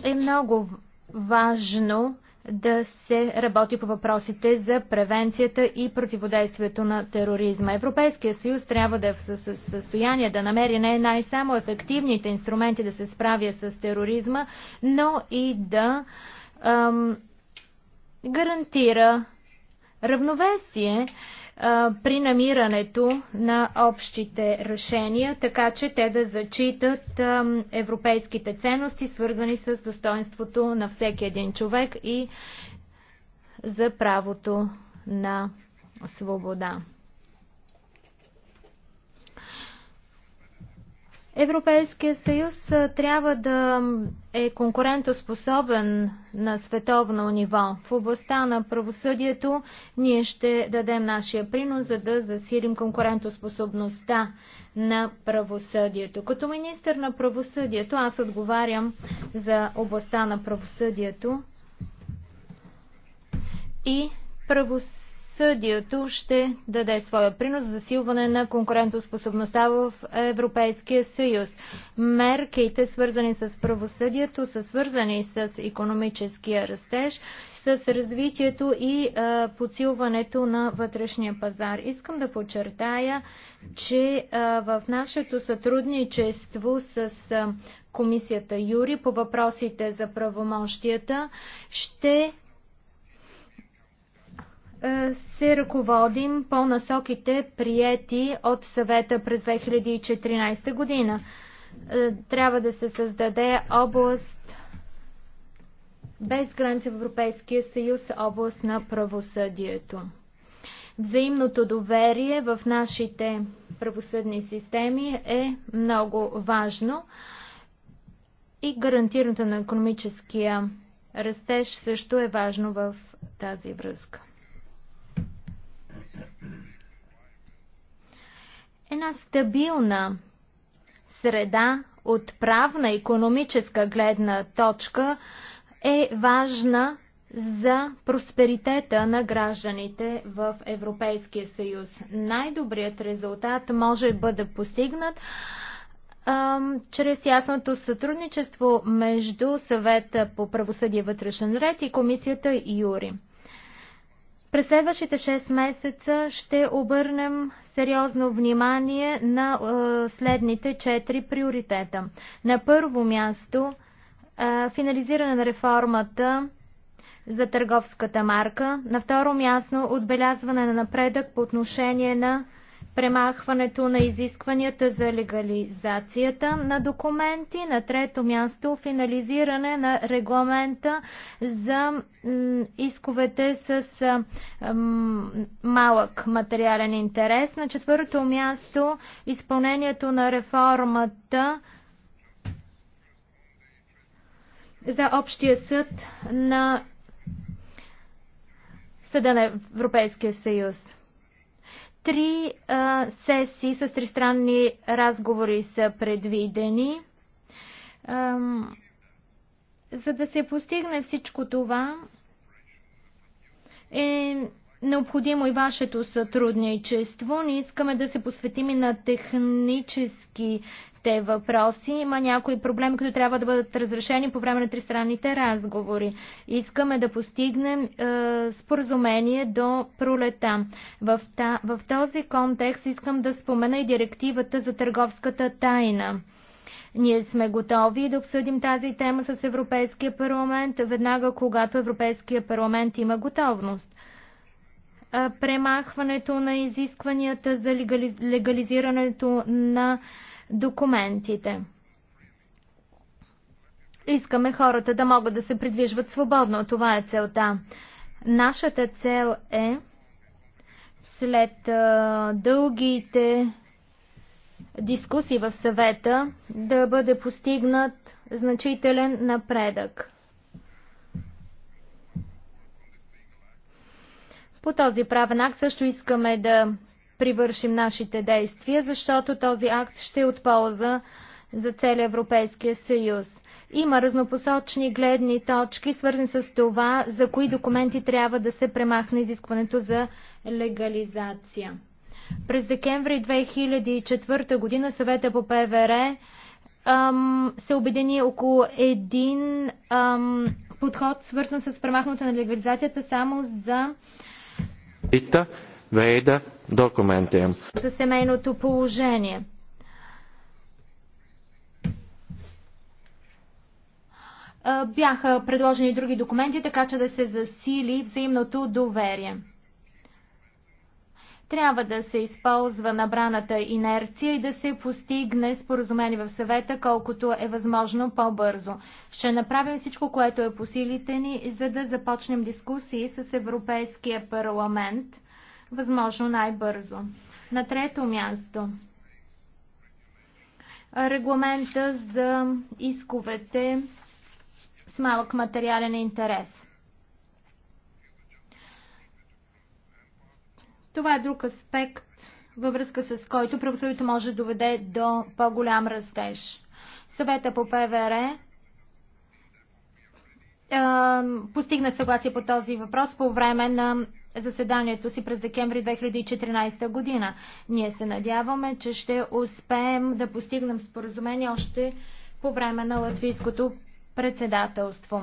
е много важно да се работи по въпросите за превенцията и противодействието на тероризма. Европейския съюз трябва да е в състояние да намери не най-само ефективните инструменти да се справя с тероризма, но и да ам, гарантира равновесие при намирането на общите решения, така че те да зачитат европейските ценности, свързани с достоинството на всеки един човек и за правото на свобода. Европейския съюз трябва да е конкурентоспособен на световно ниво. В областта на правосъдието ние ще дадем нашия принос, за да засилим конкурентоспособността на правосъдието. Като министр на правосъдието аз отговарям за областта на правосъдието и правосъдието Съдието ще даде своя принос за засилване на конкурентоспособността в Европейския съюз. Мерките, свързани с правосъдието, са свързани с економическия растеж, с развитието и а, подсилването на вътрешния пазар. Искам да подчертая, че а, в нашето сътрудничество с а, комисията Юри по въпросите за правомощията ще е, се ръководим по насоките приети от съвета през 2014 година. Е, трябва да се създаде област без граница в Европейския съюз, област на правосъдието. Взаимното доверие в нашите правосъдни системи е много важно и гарантирането на економическия растеж също е важно в тази връзка. една стабилна среда от правна економическа гледна точка е важна за просперитета на гражданите в Европейския съюз. Най-добрият резултат може да бъде постигнат а, чрез ясното сътрудничество между съвета по правосъдие вътрешен ред и комисията Юри. През следващите 6 месеца ще обърнем сериозно внимание на е, следните 4 приоритета. На първо място е, финализиране на реформата за търговската марка. На второ място отбелязване на напредък по отношение на премахването на изискванията за легализацията на документи, на трето място финализиране на регламента за исковете с малък материален интерес, на четвърто място изпълнението на реформата за общия съд на Съда на Европейския съюз. Три а, сесии с тристранни разговори са предвидени. Ам, за да се постигне всичко това, е Необходимо и вашето сътрудничество. Ние искаме да се посветим и на технически те въпроси. Има някои проблеми, които трябва да бъдат разрешени по време на тристранните разговори. Искаме да постигнем е, споразумение до пролета. В, та, в този контекст искам да спомена и директивата за търговската тайна. Ние сме готови да обсъдим тази тема с Европейския парламент, веднага когато Европейския парламент има готовност премахването на изискванията за легализирането на документите. Искаме хората да могат да се придвижват свободно. Това е целта. Нашата цел е след дългите дискусии в съвета да бъде постигнат значителен напредък. По този правен акт също искаме да привършим нашите действия, защото този акт ще е от полза за целия Европейския съюз. Има разнопосочни гледни точки, свързани с това, за кои документи трябва да се премахне изискването за легализация. През декември 2004 година съвета по ПВР ам, се обедини около един ам, подход, свързан с премахването на легализацията само за Ита, вейда, документiem. За семейното положение. Бяха предложени други документи, така че да се засили взаимното доверие. Трябва да се използва набраната инерция и да се постигне споразумение в съвета, колкото е възможно по-бързо. Ще направим всичко, което е по силите ни, за да започнем дискусии с Европейския парламент, възможно най-бързо. На трето място регламента за исковете с малък материален интерес. Това е друг аспект, във връзка с който правосъдието може да доведе до по-голям растеж. Съвета по ПВР постигна съгласие по този въпрос по време на заседанието си през декември 2014 година. Ние се надяваме, че ще успеем да постигнем споразумение още по време на латвийското председателство.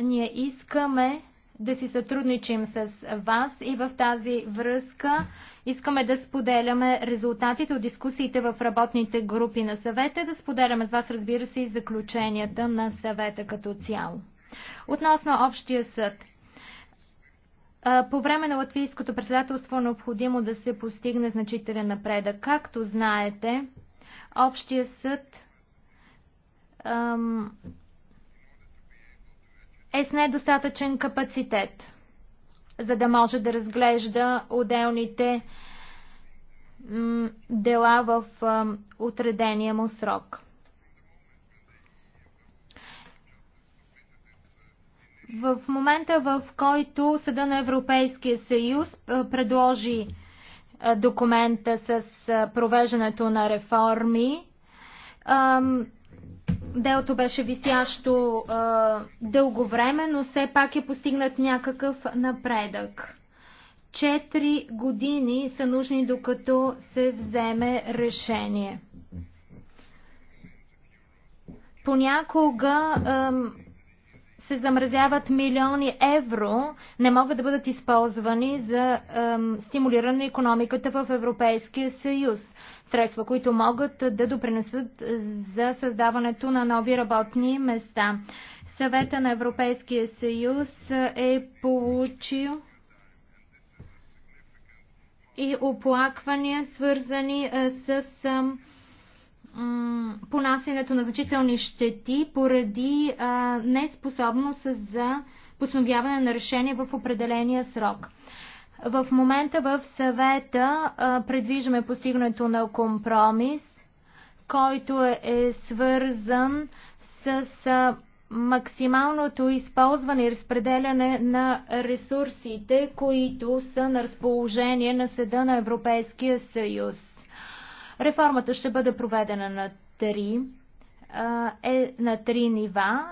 Ние искаме да си сътрудничим с вас и в тази връзка искаме да споделяме резултатите от дискусиите в работните групи на съвета, да споделяме с вас, разбира се, и заключенията на съвета като цяло. Относно общия съд. По време на латвийското председателство е необходимо да се постигне значителен напредък. Както знаете, общия съд е с недостатъчен капацитет, за да може да разглежда отделните дела в отредения му срок. В момента, в който Съда на Европейския съюз предложи документа с провеждането на реформи, Делото беше висящо а, дълго време, но все пак е постигнат някакъв напредък. Четири години са нужни докато се вземе решение. Понякога а, се замразяват милиони евро, не могат да бъдат използвани за ем, стимулиране на економиката в Европейския съюз средства, които могат да допринесат за създаването на нови работни места. Съвета на Европейския съюз е получил и оплаквания, свързани с понасянето на значителни щети поради неспособност за постановяване на решение в определения срок. В момента в съвета предвиждаме постигането на компромис, който е, е свързан с максималното използване и разпределяне на ресурсите, които са на разположение на Съда на Европейския съюз. Реформата ще бъде проведена на три, е, на три нива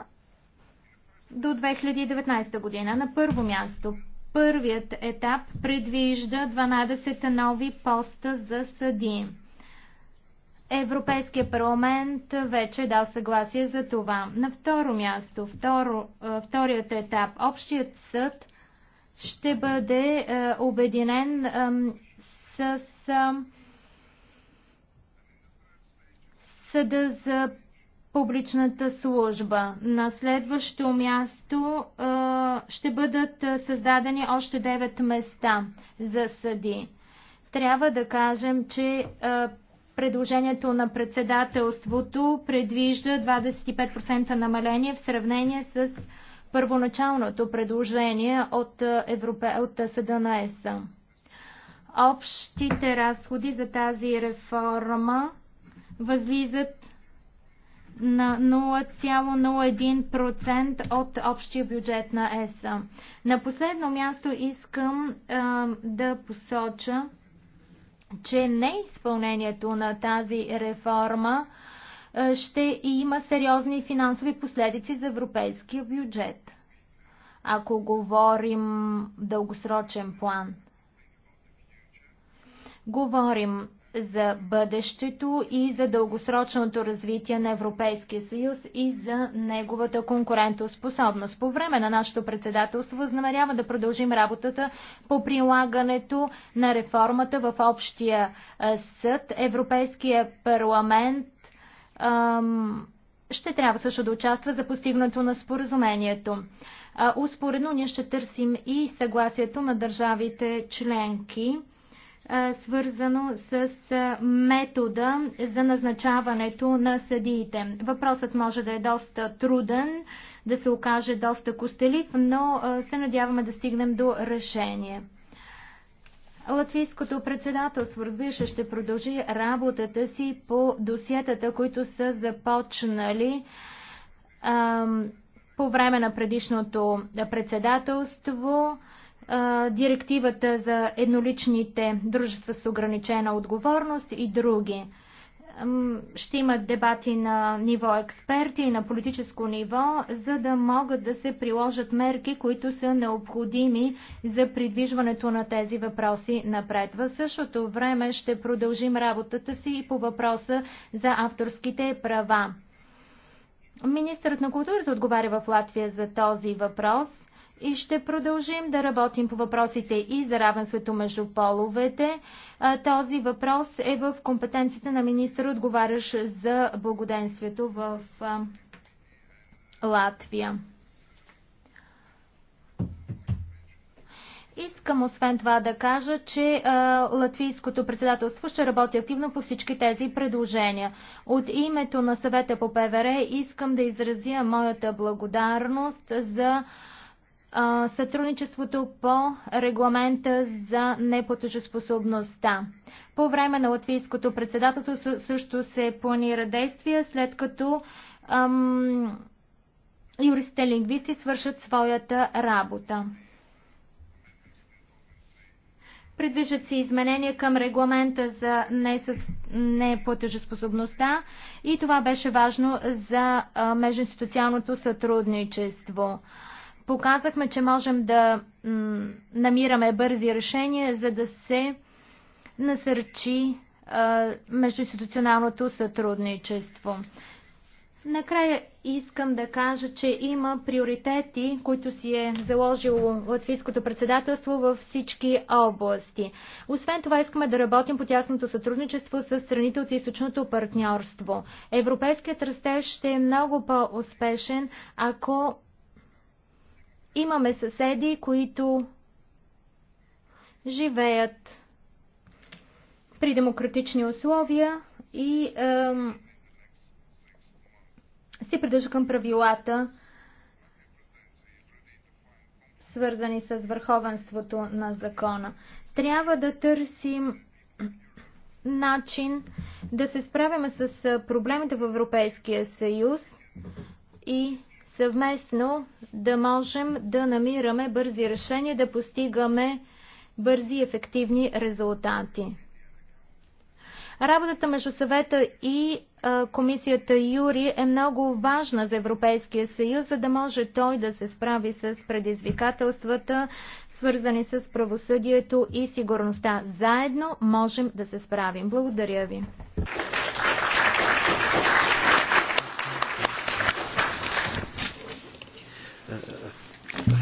до 2019 година. На първо място Първият етап предвижда 12 нови поста за съди. Европейския парламент вече е дал съгласие за това. На второ място, второ, вторият етап, общият съд ще бъде е, обединен е, с е, съда за публичната служба. На следващо място ще бъдат създадени още 9 места за съди. Трябва да кажем, че предложението на председателството предвижда 25% намаление в сравнение с първоначалното предложение от, Европе... от Съда на ЕСА. Общите разходи за тази реформа възлизат на 0,01% от общия бюджет на ЕСА. На последно място искам а, да посоча, че неизпълнението на тази реформа а, ще има сериозни финансови последици за европейския бюджет, ако говорим дългосрочен план. Говорим за бъдещето и за дългосрочното развитие на Европейския съюз и за неговата конкурентоспособност. По време на нашето председателство възнамерява да продължим работата по прилагането на реформата в Общия съд. Европейския парламент ам, ще трябва също да участва за постигнато на споразумението. Успоредно ние ще търсим и съгласието на държавите членки свързано с метода за назначаването на съдиите. Въпросът може да е доста труден, да се окаже доста костелив, но се надяваме да стигнем до решение. Латвийското председателство, разбира се, ще продължи работата си по досиетата, които са започнали по време на предишното председателство директивата за едноличните дружества с ограничена отговорност и други. Ще имат дебати на ниво експерти и на политическо ниво, за да могат да се приложат мерки, които са необходими за придвижването на тези въпроси напред. В същото време ще продължим работата си и по въпроса за авторските права. Министърът на културата отговаря в Латвия за този въпрос – и ще продължим да работим по въпросите и за равенството между половете. Този въпрос е в компетенцията на министър, отговаряш за благоденствието в Латвия. Искам освен това да кажа, че а, латвийското председателство ще работи активно по всички тези предложения. От името на съвета по ПВР искам да изразя моята благодарност за сътрудничеството по регламента за неплатежоспособността. По време на латвийското председателство също се планира действия, след като ам, юристите лингвисти свършат своята работа. Предвиждат се изменения към регламента за неплатежоспособността и това беше важно за междуинституционалното сътрудничество. Показахме, че можем да намираме бързи решения, за да се насърчи междуинституционалното сътрудничество. Накрая искам да кажа, че има приоритети, които си е заложило Латвийското председателство във всички области. Освен това искаме да работим по тясното сътрудничество с страните от източното партньорство. Европейският растеж ще е много по-успешен, ако Имаме съседи, които живеят при демократични условия и ем, се придържа към правилата, свързани с върховенството на закона. Трябва да търсим начин да се справяме с е, проблемите в Европейския съюз и съвместно да можем да намираме бързи решения, да постигаме бързи и ефективни резултати. Работата между съвета и а, комисията Юри е много важна за Европейския съюз, за да може той да се справи с предизвикателствата, свързани с правосъдието и сигурността. Заедно можем да се справим. Благодаря ви.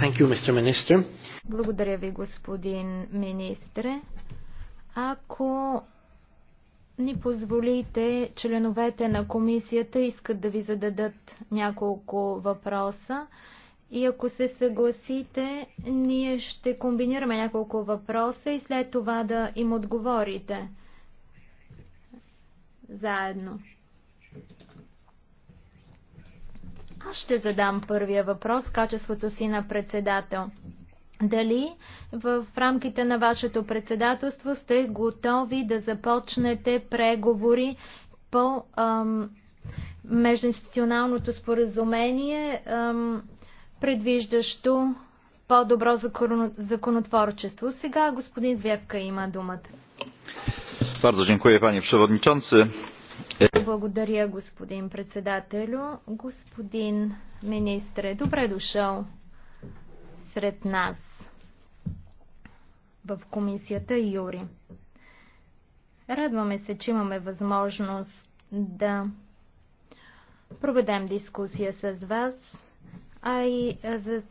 Thank you, Mr. Minister. Благодаря ви, господин министре. Ако ни позволите, членовете на комисията искат да ви зададат няколко въпроса. И ако се съгласите, ние ще комбинираме няколко въпроса и след това да им отговорите заедно. Аз ще задам първия въпрос, качеството си на председател. Дали в рамките на вашето председателство сте готови да започнете преговори по междуинституционалното споразумение, ам, предвиждащо по-добро законотворчество? Сега господин Звевка има думата. Bardzo dziękuję panie przewodniczący. Благодаря, господин председателю. Господин министре, добре дошъл сред нас в комисията Юри. Радваме се, че имаме възможност да проведем дискусия с вас, а и за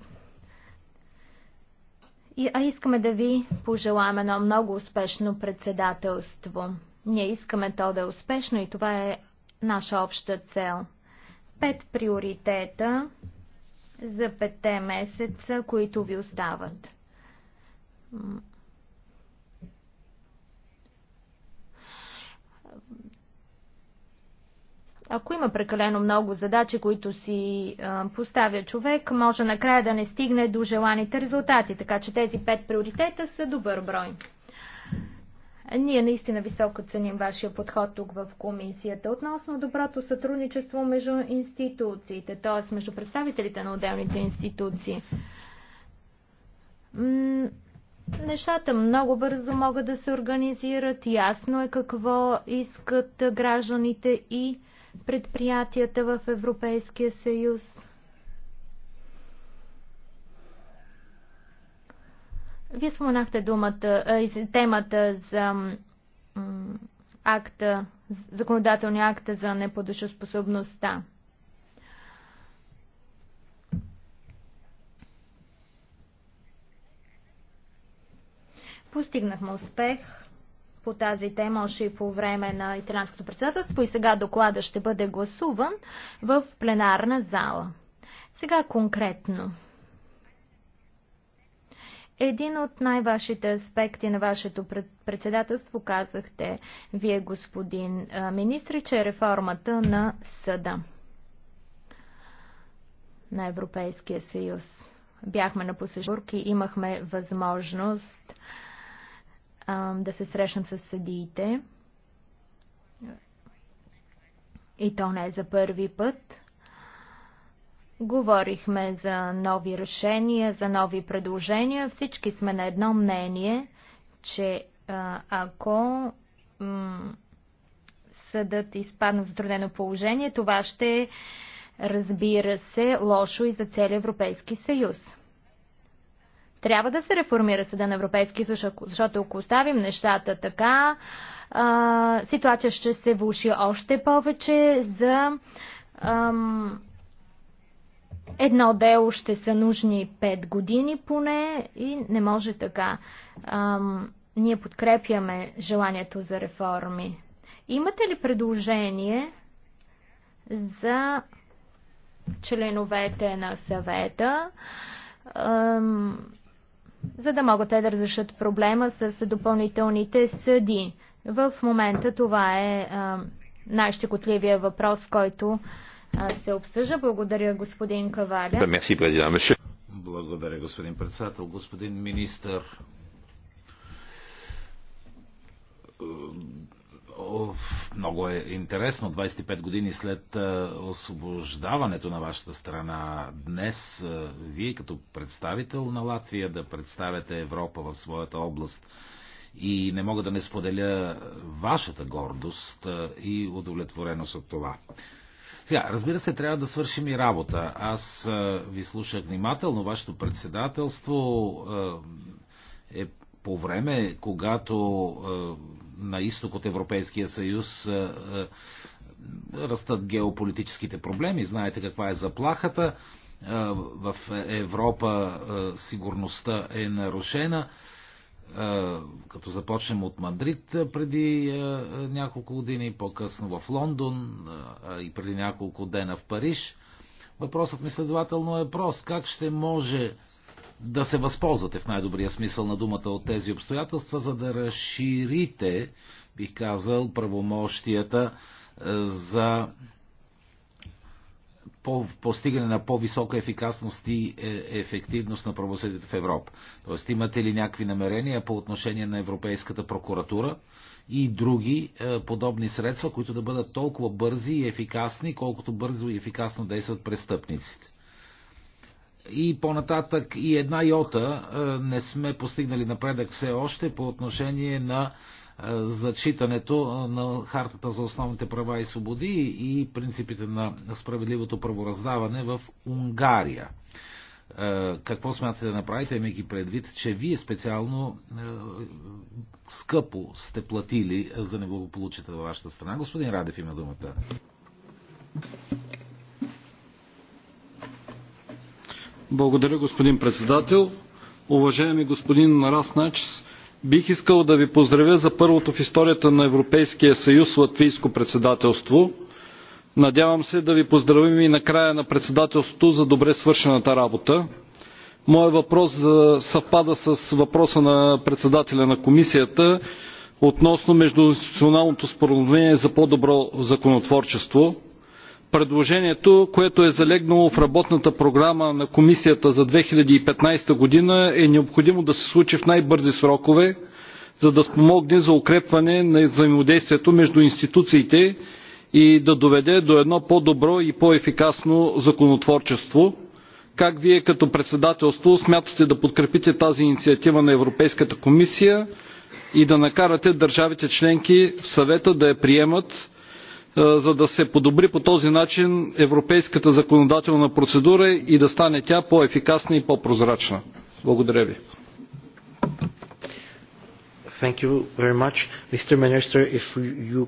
а искаме да ви пожелаем едно много успешно председателство. Ние искаме то да е успешно и това е наша обща цел. Пет приоритета за петте месеца, които ви остават. Ако има прекалено много задачи, които си поставя човек, може накрая да не стигне до желаните резултати, така че тези пет приоритета са добър брой. Ние наистина високо ценим вашия подход тук в комисията относно доброто сътрудничество между институциите, т.е. между представителите на отделните институции. Нещата много бързо могат да се организират, ясно е какво искат гражданите и предприятията в Европейския съюз. Вие споменахте думата, темата за акта, законодателния акт за неподушоспособността. Постигнахме успех по тази тема още и по време на италянското председателство и сега доклада ще бъде гласуван в пленарна зала. Сега конкретно. Един от най-вашите аспекти на вашето председателство казахте вие, господин министр, че е реформата на съда на Европейския съюз. Бяхме на посещурки, имахме възможност а, да се срещнем с съдиите. И то не е за първи път. Говорихме за нови решения, за нови предложения. Всички сме на едно мнение, че ако съдът изпадна в затруднено положение, това ще разбира се, лошо и за целия Европейски съюз. Трябва да се реформира съда на Европейски съюз, защото ако оставим нещата така, а, ситуация ще се влуши още повече за едно дело ще са нужни 5 години поне и не може така. Ам, ние подкрепяме желанието за реформи. Имате ли предложение за членовете на съвета, ам, за да могат те да разрешат проблема с допълнителните съди? В момента това е най-щекотливия въпрос, който се обсъжда. Благодаря, господин Каваля. Е, мерси, президент. Благодаря, господин председател. Господин министър, много е интересно. 25 години след е, освобождаването на вашата страна, днес е, вие като представител на Латвия да представяте Европа в своята област и не мога да не споделя вашата гордост и удовлетвореност от това. Сега, разбира се, трябва да свършим и работа. Аз ви слушах внимателно. Вашето председателство е по време, когато на изток от Европейския съюз растат геополитическите проблеми. Знаете каква е заплахата. В Европа сигурността е нарушена като започнем от Мадрид преди няколко години, по-късно в Лондон и преди няколко дена в Париж. Въпросът ми следователно е прост. Как ще може да се възползвате в най-добрия смисъл на думата от тези обстоятелства, за да разширите, бих казал, правомощията за по постигане на по-висока ефикасност и е, ефективност на правосъдието в Европа. Тоест, имате ли някакви намерения по отношение на Европейската прокуратура и други е, подобни средства, които да бъдат толкова бързи и ефикасни, колкото бързо и ефикасно действат престъпниците? И по-нататък и една йота е, не сме постигнали напредък все още по отношение на е, зачитането е, на Хартата за основните права и свободи и принципите на справедливото правораздаване в Унгария. Е, какво смятате да направите, имайки предвид, че вие специално скъпо сте платили за неблагополучите във вашата страна? Господин Радев има думата. Благодаря, господин председател. Уважаеми господин Начес, бих искал да ви поздравя за първото в историята на Европейския съюз латвийско председателство. Надявам се да ви поздравим и на края на председателството за добре свършената работа. Моят въпрос съвпада с въпроса на председателя на комисията относно междуинституционалното споразумение за по-добро законотворчество предложението, което е залегнало в работната програма на комисията за 2015 година е необходимо да се случи в най-бързи срокове, за да спомогне за укрепване на взаимодействието между институциите и да доведе до едно по-добро и по-ефикасно законотворчество. Как Вие като председателство смятате да подкрепите тази инициатива на Европейската комисия и да накарате държавите членки в съвета да я приемат за да се подобри по този начин европейската законодателна процедура и да стане тя по-ефикасна и по-прозрачна. Благодаря ви.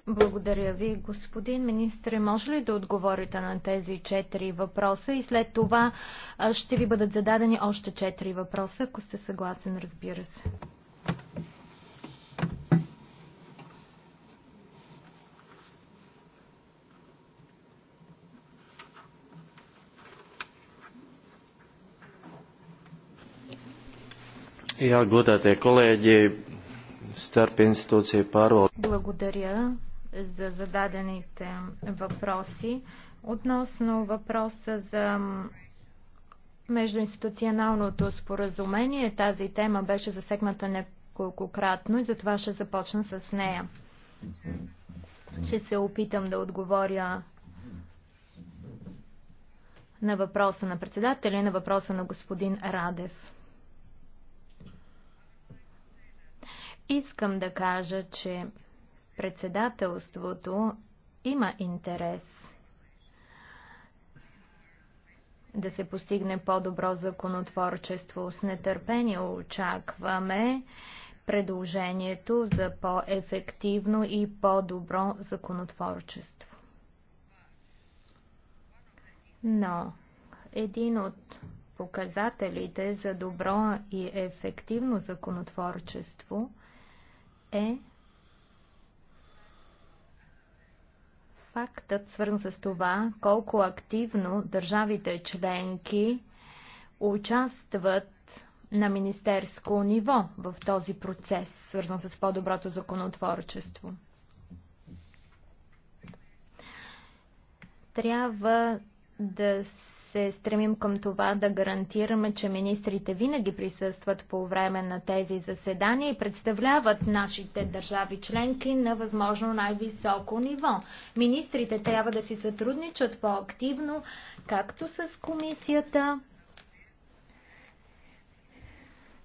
Благодаря ви, господин министр. Може ли да отговорите на тези четири въпроса и след това ще ви бъдат зададени още четири въпроса, ако сте съгласен, разбира се. Благодаря за зададените въпроси. Относно въпроса за междуинституционалното споразумение, тази тема беше засегната неколкократно и затова ще започна с нея. Ще се опитам да отговоря на въпроса на председателя и на въпроса на господин Радев. Искам да кажа, че председателството има интерес да се постигне по-добро законотворчество. С нетърпение очакваме предложението за по-ефективно и по-добро законотворчество. Но един от показателите за добро и ефективно законотворчество – е фактът, свързан с това, колко активно държавите членки участват на министерско ниво в този процес, свързан с по-доброто законотворчество. Трябва да се стремим към това да гарантираме, че министрите винаги присъстват по време на тези заседания и представляват нашите държави членки на възможно най-високо ниво. Министрите трябва да си сътрудничат по-активно, както с комисията,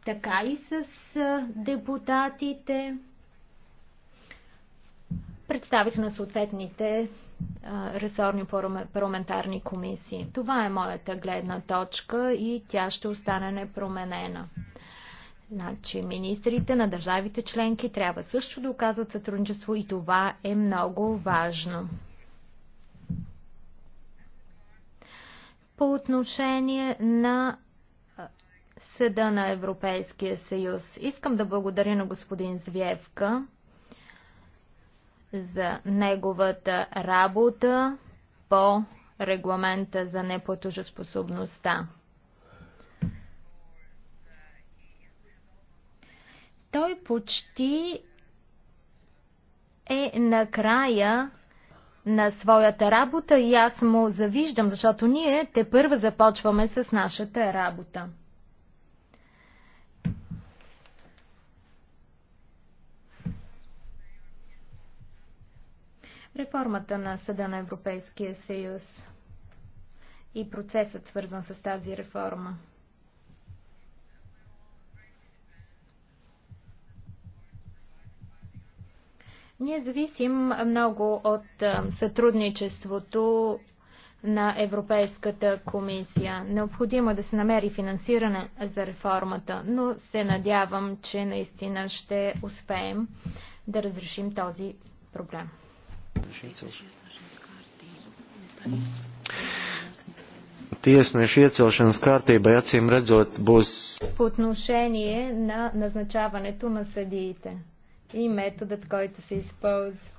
така и с депутатите, представители на съответните ресорни парламентарни комисии. Това е моята гледна точка и тя ще остане непроменена. Значи, министрите на държавите членки трябва също да оказват сътрудничество и това е много важно. По отношение на Съда на Европейския съюз, искам да благодаря на господин Звевка за неговата работа по регламента за неплатежоспособността. Той почти е накрая на своята работа и аз му завиждам, защото ние те първа започваме с нашата работа. Реформата на Съда на Европейския съюз и процесът свързан с тази реформа. Ние зависим много от сътрудничеството на Европейската комисия. Необходимо е да се намери финансиране за реформата, но се надявам, че наистина ще успеем да разрешим този проблем. Tiesnešu iecelšanas kārtībai им redzot būs. По отношение на назначаването на съдиите и методът, който се използва.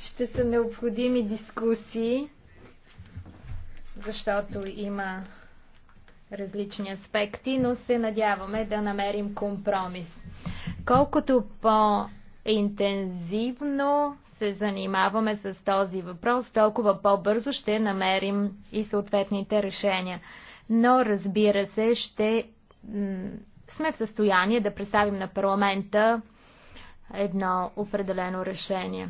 Ще са необходими дискусии, защото има различни аспекти, но се надяваме да намерим компромис. Колкото по-интензивно се занимаваме с този въпрос, толкова по-бързо ще намерим и съответните решения. Но, разбира се, ще сме в състояние да представим на парламента едно определено решение.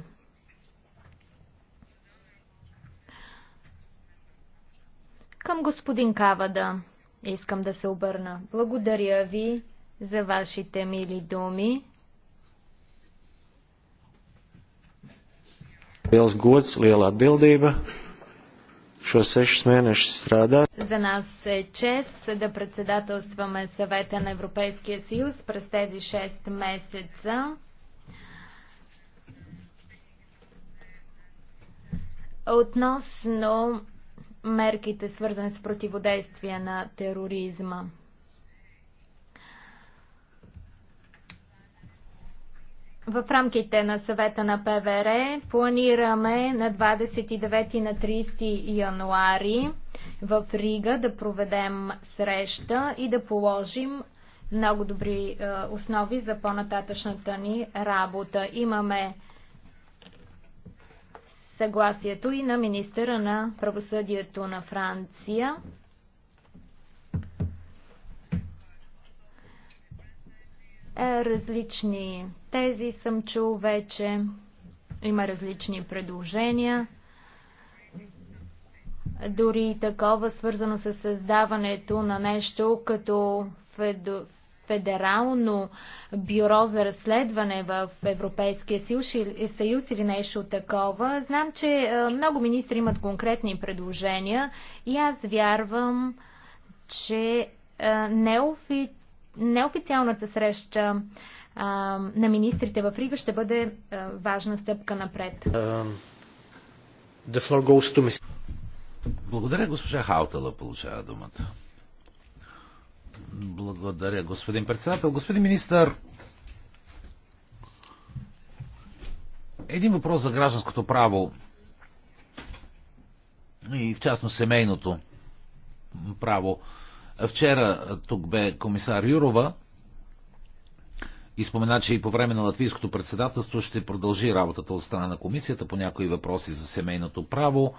Към господин Кавада искам да се обърна. Благодаря ви за вашите мили думи. Liels gods, liela atbildība. Šo sešus mēnešus strādāt. За нас е чест да председателстваме съвета на Европейския съюз през тези 6 месеца. Относно мерките, свързани с противодействие на тероризма. В рамките на съвета на ПВР планираме на 29 и на 30 януари в Рига да проведем среща и да положим много добри е, основи за по-нататъчната ни работа. Имаме съгласието и на министъра на правосъдието на Франция. Е различни тези съм чул вече. Има различни предложения. Дори такова свързано с създаването на нещо като федерално бюро за разследване в Европейския съюз или нещо такова. Знам, че е, много министри имат конкретни предложения и аз вярвам, че е, неофит неофициалната среща а, на министрите в Рига ще бъде а, важна стъпка напред. Uh, Благодаря, госпожа Хаутала получава думата. Благодаря, господин председател. Господин министър, един въпрос за гражданското право и в частност семейното право. Вчера тук бе комисар Юрова и спомена, че и по време на латвийското председателство ще продължи работата от страна на комисията по някои въпроси за семейното право,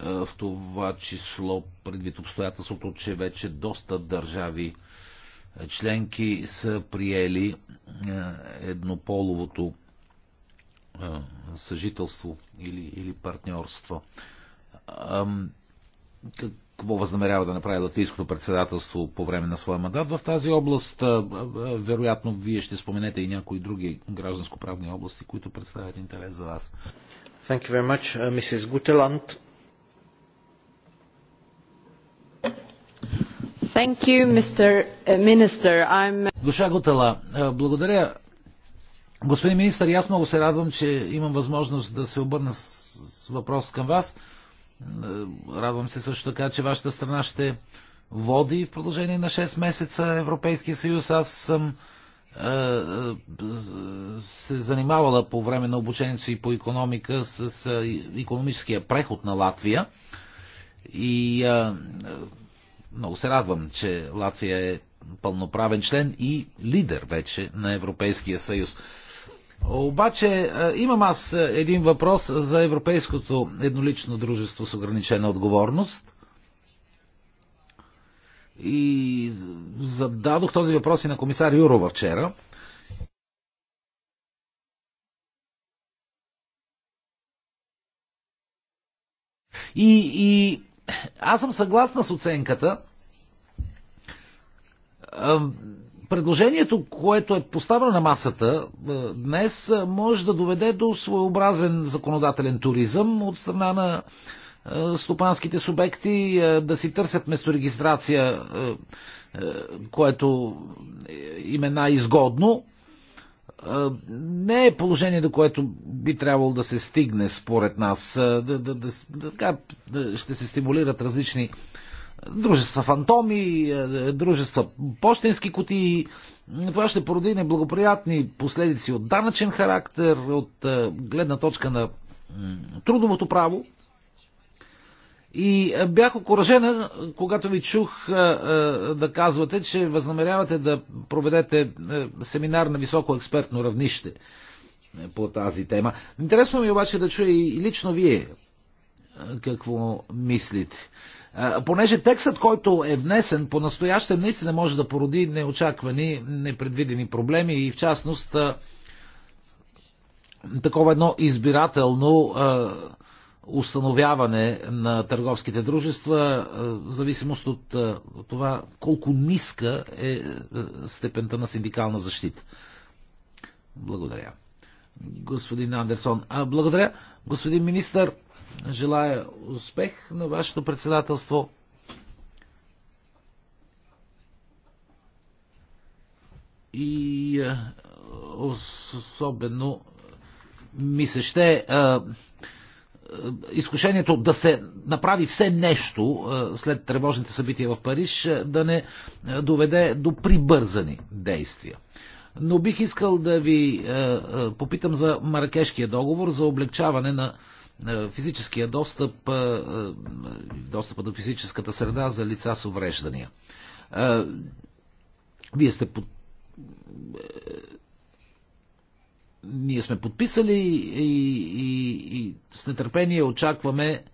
в това число предвид обстоятелството, че вече доста държави членки са приели еднополовото съжителство или, или партньорство какво възнамерява да направи латвийското председателство по време на своя мандат в тази област. Вероятно, вие ще споменете и някои други гражданско-правни области, които представят интерес за вас. Thank you very much, uh, Mrs. Guteland. Thank you, Mr. Uh, Minister. I'm... Uh, Душа Гутела, благодаря. Господин министр, аз много се радвам, че имам възможност да се обърна с въпрос към вас. Е, радвам се също така, че вашата страна ще води в продължение на 6 месеца Европейския съюз. Аз съм е, е, се занимавала по време на обучението си по економика с економическия преход на Латвия. И а, много се радвам, че Латвия е пълноправен член и лидер вече на Европейския съюз. Обаче е, имам аз е, един въпрос за Европейското еднолично дружество с ограничена отговорност. И зададох този въпрос и на комисар Юрова вчера. И, и аз съм съгласна с оценката Предложението, което е поставено на масата е, днес, е, може да доведе до своеобразен законодателен туризъм от страна на е, стопанските субекти да си търсят месторегистрация, което им е най-изгодно. Не е положение, до което би трябвало да се стигне, според нас. Да, да, да, да, ще се стимулират различни дружества фантоми, е, дружества почтенски кутии. Това ще породи неблагоприятни последици от данъчен характер, от е, гледна точка на трудовото право. И е, бях окоръжена, когато ви чух да казвате, че възнамерявате да проведете семинар на високо експертно равнище по тази тема. Интересно ми обаче да чуя и лично вие какво мислите. Е, понеже текстът, който е внесен по настояще, наистина може да породи неочаквани, непредвидени проблеми и в частност е, такова едно избирателно е, установяване на търговските дружества в зависимост от това колко ниска е степента на синдикална защита. Благодаря. Господин Андерсон. Благодаря. Господин министър, Желая успех на вашето председателство. И е, особено ми се ще е, е, изкушението да се направи все нещо след тревожните събития в Париж да не доведе до прибързани действия. Но бих искал да ви попитам за Маракешкия договор за облегчаване на е, физическия достъп, е, е, достъпа до физическата среда за лица с увреждания. Вие сте под... Ние сме подписали и, и, и с нетърпение очакваме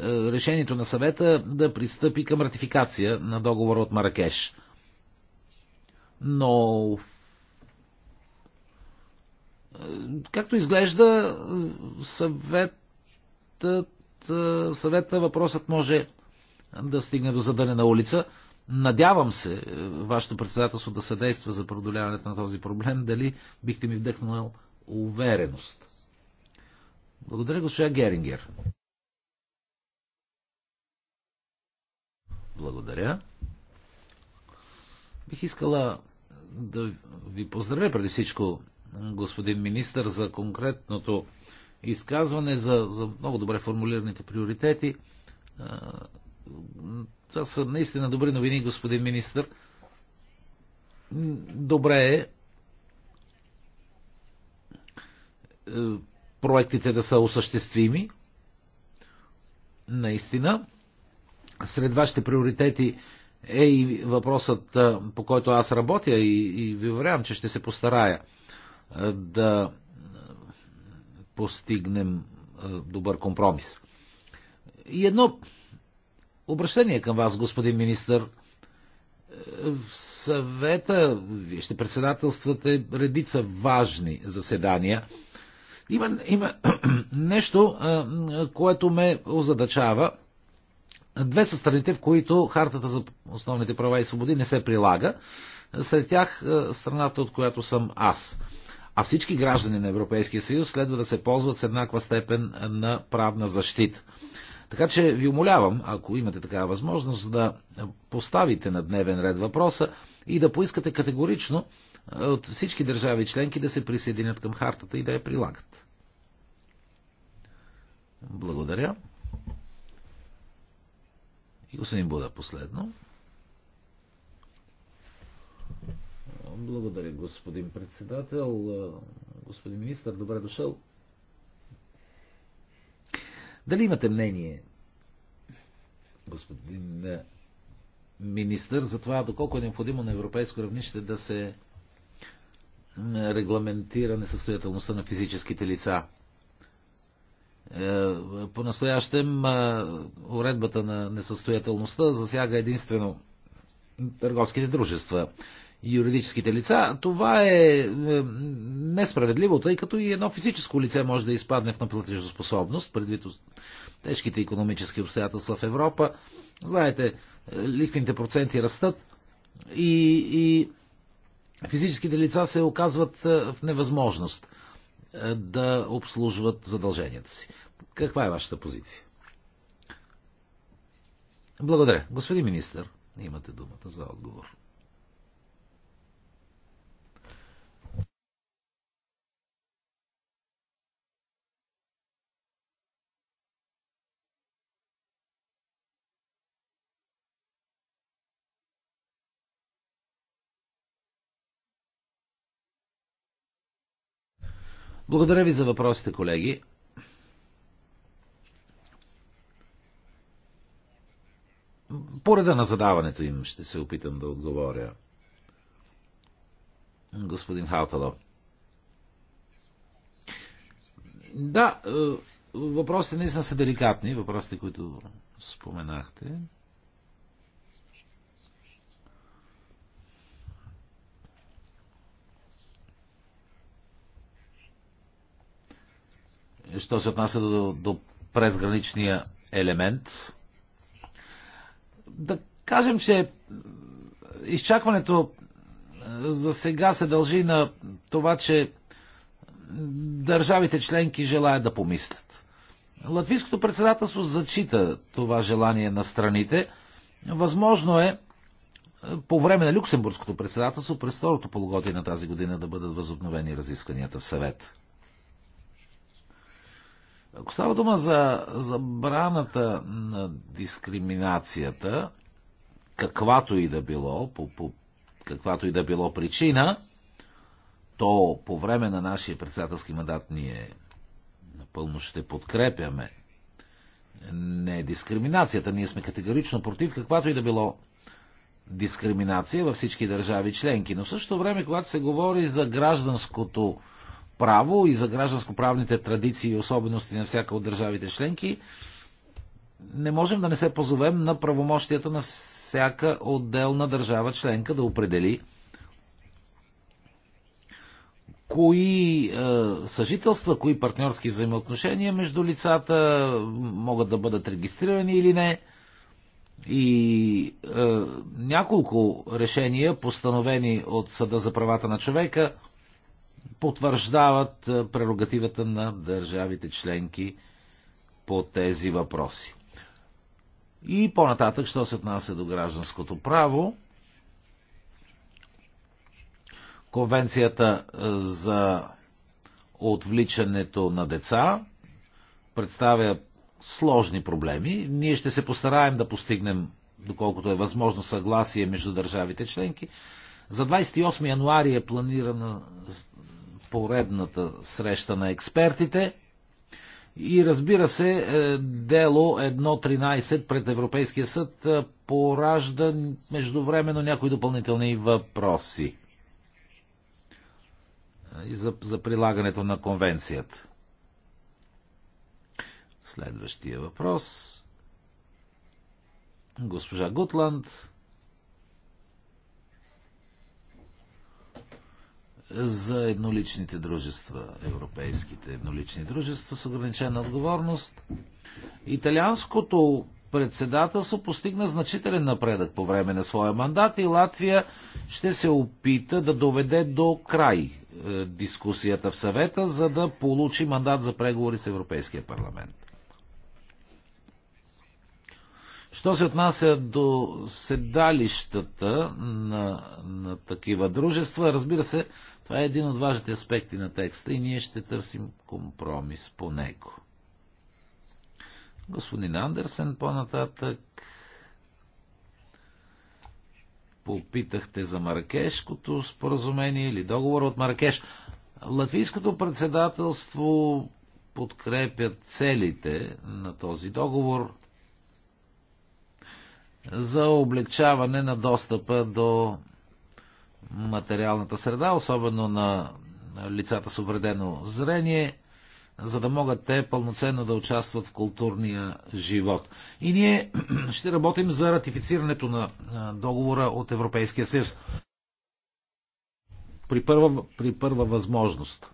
решението на съвета да пристъпи към ратификация на договора от Маракеш. Но както изглежда, съвет съвета е, въпросът може да стигне до на улица. Надявам се, е, вашето председателство да съдейства за продоляването на този проблем. Дали бихте ми вдъхнал увереност? Благодаря, госпожа Герингер. Благодаря. Бих искала да ви поздравя преди всичко, господин министр, за конкретното изказване за, за много добре формулираните приоритети. Това са наистина добри новини, господин министр. Добре е, е проектите да са осъществими. Наистина. Сред вашите приоритети е и въпросът, по който аз работя и, и ви уверявам, че ще се постарая да постигнем добър компромис. И едно обращение към вас, господин министър. Е, в съвета вие ще председателствате редица важни заседания. Има, има [clears throat] нещо, което ме озадачава. Две са страните, в които хартата за основните права и свободи не се прилага. Сред тях страната, от която съм аз а всички граждани на Европейския съюз следва да се ползват с еднаква степен на правна защита. Така че ви умолявам, ако имате такава възможност, да поставите на дневен ред въпроса и да поискате категорично от всички държави членки да се присъединят към хартата и да я прилагат. Благодаря. И господин Буда последно. Благодаря, господин председател. Господин министр, добре дошъл. Дали имате мнение, господин е, министър, за това доколко е необходимо на европейско равнище да се е, регламентира несъстоятелността на физическите лица? Е, по-настоящем уредбата на несъстоятелността засяга единствено търговските дружества юридическите лица, това е, е несправедливо, тъй като и едно физическо лице може да изпадне в неплатежоспособност, предвид тежките економически обстоятелства в Европа. Знаете, е, ликвените проценти растат и, и физическите лица се оказват е, в невъзможност да обслужват задълженията си. Каква е вашата позиция? Благодаря. Господин министр, имате думата за отговор. Благодаря ви за въпросите, колеги. Пореда на задаването им ще се опитам да отговоря. Господин Хаутало. Да, е, въпросите наистина са деликатни, въпросите, които споменахте. що се отнася до, до презграничния елемент, да кажем, че изчакването е, за сега се дължи на това, че държавите членки желаят да помислят. Латвийското председателство зачита това желание на страните. Възможно е, е по време на Люксембургското председателство през второто полугодие на тази година да бъдат възобновени разисканията в съвет. Ако става дума за забраната на дискриминацията, каквато и да било, по, по каквато и да било причина, то по време на нашия председателски мандат ние напълно ще подкрепяме не дискриминацията. Ние сме категорично против каквато и да било дискриминация във всички държави членки. Но в същото време, когато се говори за гражданското право и за гражданско-правните традиции и особености на всяка от държавите членки, не можем да не се позовем на правомощията на всяка отделна държава членка да определи кои е, съжителства, кои партньорски взаимоотношения между лицата могат да бъдат регистрирани или не. И е, няколко решения, постановени от Съда за правата на човека, потвърждават прерогативата на държавите членки по тези въпроси. И по-нататък, що се отнася до гражданското право, Конвенцията за отвличането на деца представя сложни проблеми. Ние ще се постараем да постигнем, доколкото е възможно, съгласие между държавите членки. За 28 януари е планирана поредната среща на експертите. И разбира се, е, дело 1.13 пред Европейския съд е, поражда междувременно някои допълнителни въпроси е, и за, за прилагането на конвенцията. Следващия въпрос. Госпожа Гутланд за едноличните дружества, европейските еднолични дружества с ограничена отговорност. Италианското председателство постигна значителен напредък по време на своя мандат и Латвия ще се опита да доведе до край е, дискусията в съвета, за да получи мандат за преговори с Европейския парламент. Що се отнася до седалищата на, на такива дружества, разбира се, това е един от важните аспекти на текста и ние ще търсим компромис по него. Господин Андерсен по-нататък попитахте за Маракешкото споразумение или договор от Маракеш. Латвийското председателство подкрепят целите на този договор за облегчаване на достъпа до материалната среда, особено на лицата с увредено зрение, за да могат те пълноценно да участват в културния живот. И ние [clears throat] ще работим за ратифицирането на договора от Европейския съюз. При първа, при първа възможност.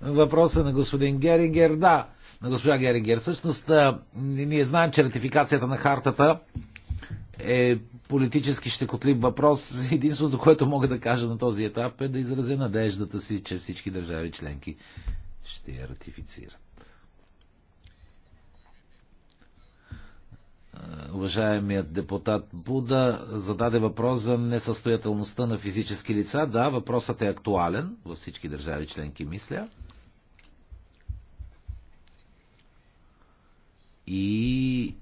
въпроса на господин Герингер, да, на госпожа Герингер. Всъщност, ние знаем, че ратификацията на хартата е политически щекотлив въпрос. [laughs] Единственото, което мога да кажа на този етап е да изразя надеждата си, че всички държави членки ще я ратифицират. Уважаемият депутат Буда зададе въпрос за несъстоятелността на физически лица. Да, въпросът е актуален във всички държави членки, мисля. И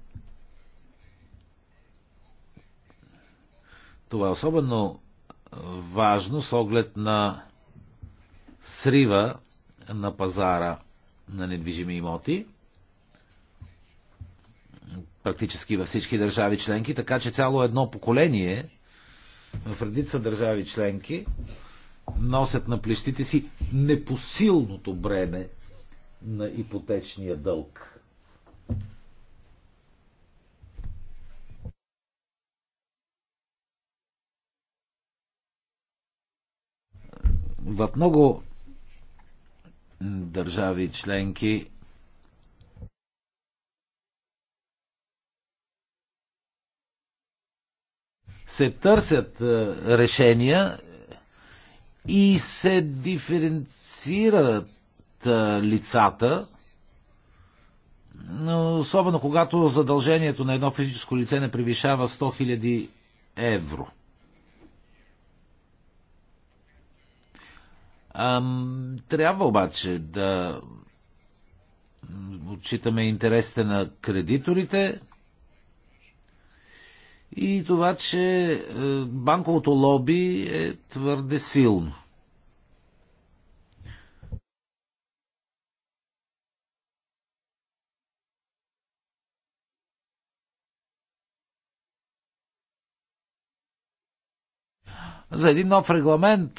това е особено важно с оглед на срива на пазара на недвижими имоти практически във всички държави членки, така че цяло едно поколение в редица държави членки носят на плещите си непосилното бреме на ипотечния дълг. В много държави членки се търсят е, решения и се диференцират е, лицата, особено когато задължението на едно физическо лице не превишава 100 000 евро. Ам, трябва обаче да отчитаме интересите на кредиторите и това, че е, банковото лоби е твърде силно. За един нов регламент,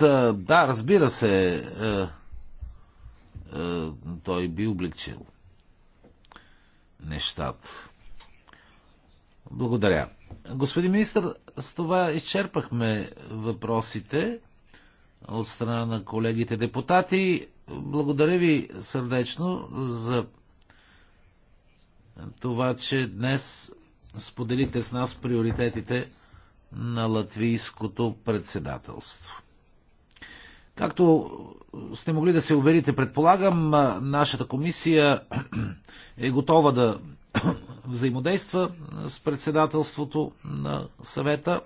да, разбира се, той би облегчил нещата. Благодаря. Господин министр, с това изчерпахме въпросите от страна на колегите депутати. Благодаря ви сърдечно за това, че днес споделите с нас приоритетите на латвийското председателство. Както сте могли да се уверите, предполагам, нашата комисия е готова да [coughs] взаимодейства с председателството на съвета.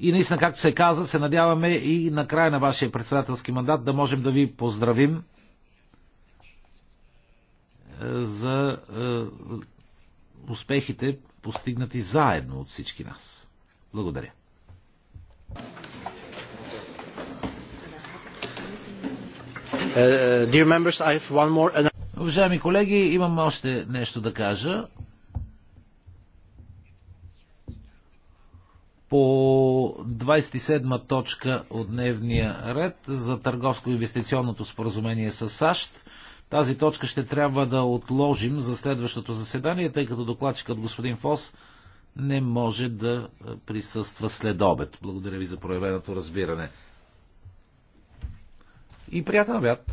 И наистина, както се каза, се надяваме и на края на вашия председателски мандат да можем да ви поздравим е, за е, успехите постигнати заедно от всички нас. Благодаря. Uh, uh members, more... Уважаеми колеги, имам още нещо да кажа. по 27-ма точка от дневния ред за търговско-инвестиционното споразумение с САЩ. Тази точка ще трябва да отложим за следващото заседание, тъй като докладчикът господин Фос не може да е, присъства след обед. Благодаря ви за проявеното разбиране. И приятен обяд!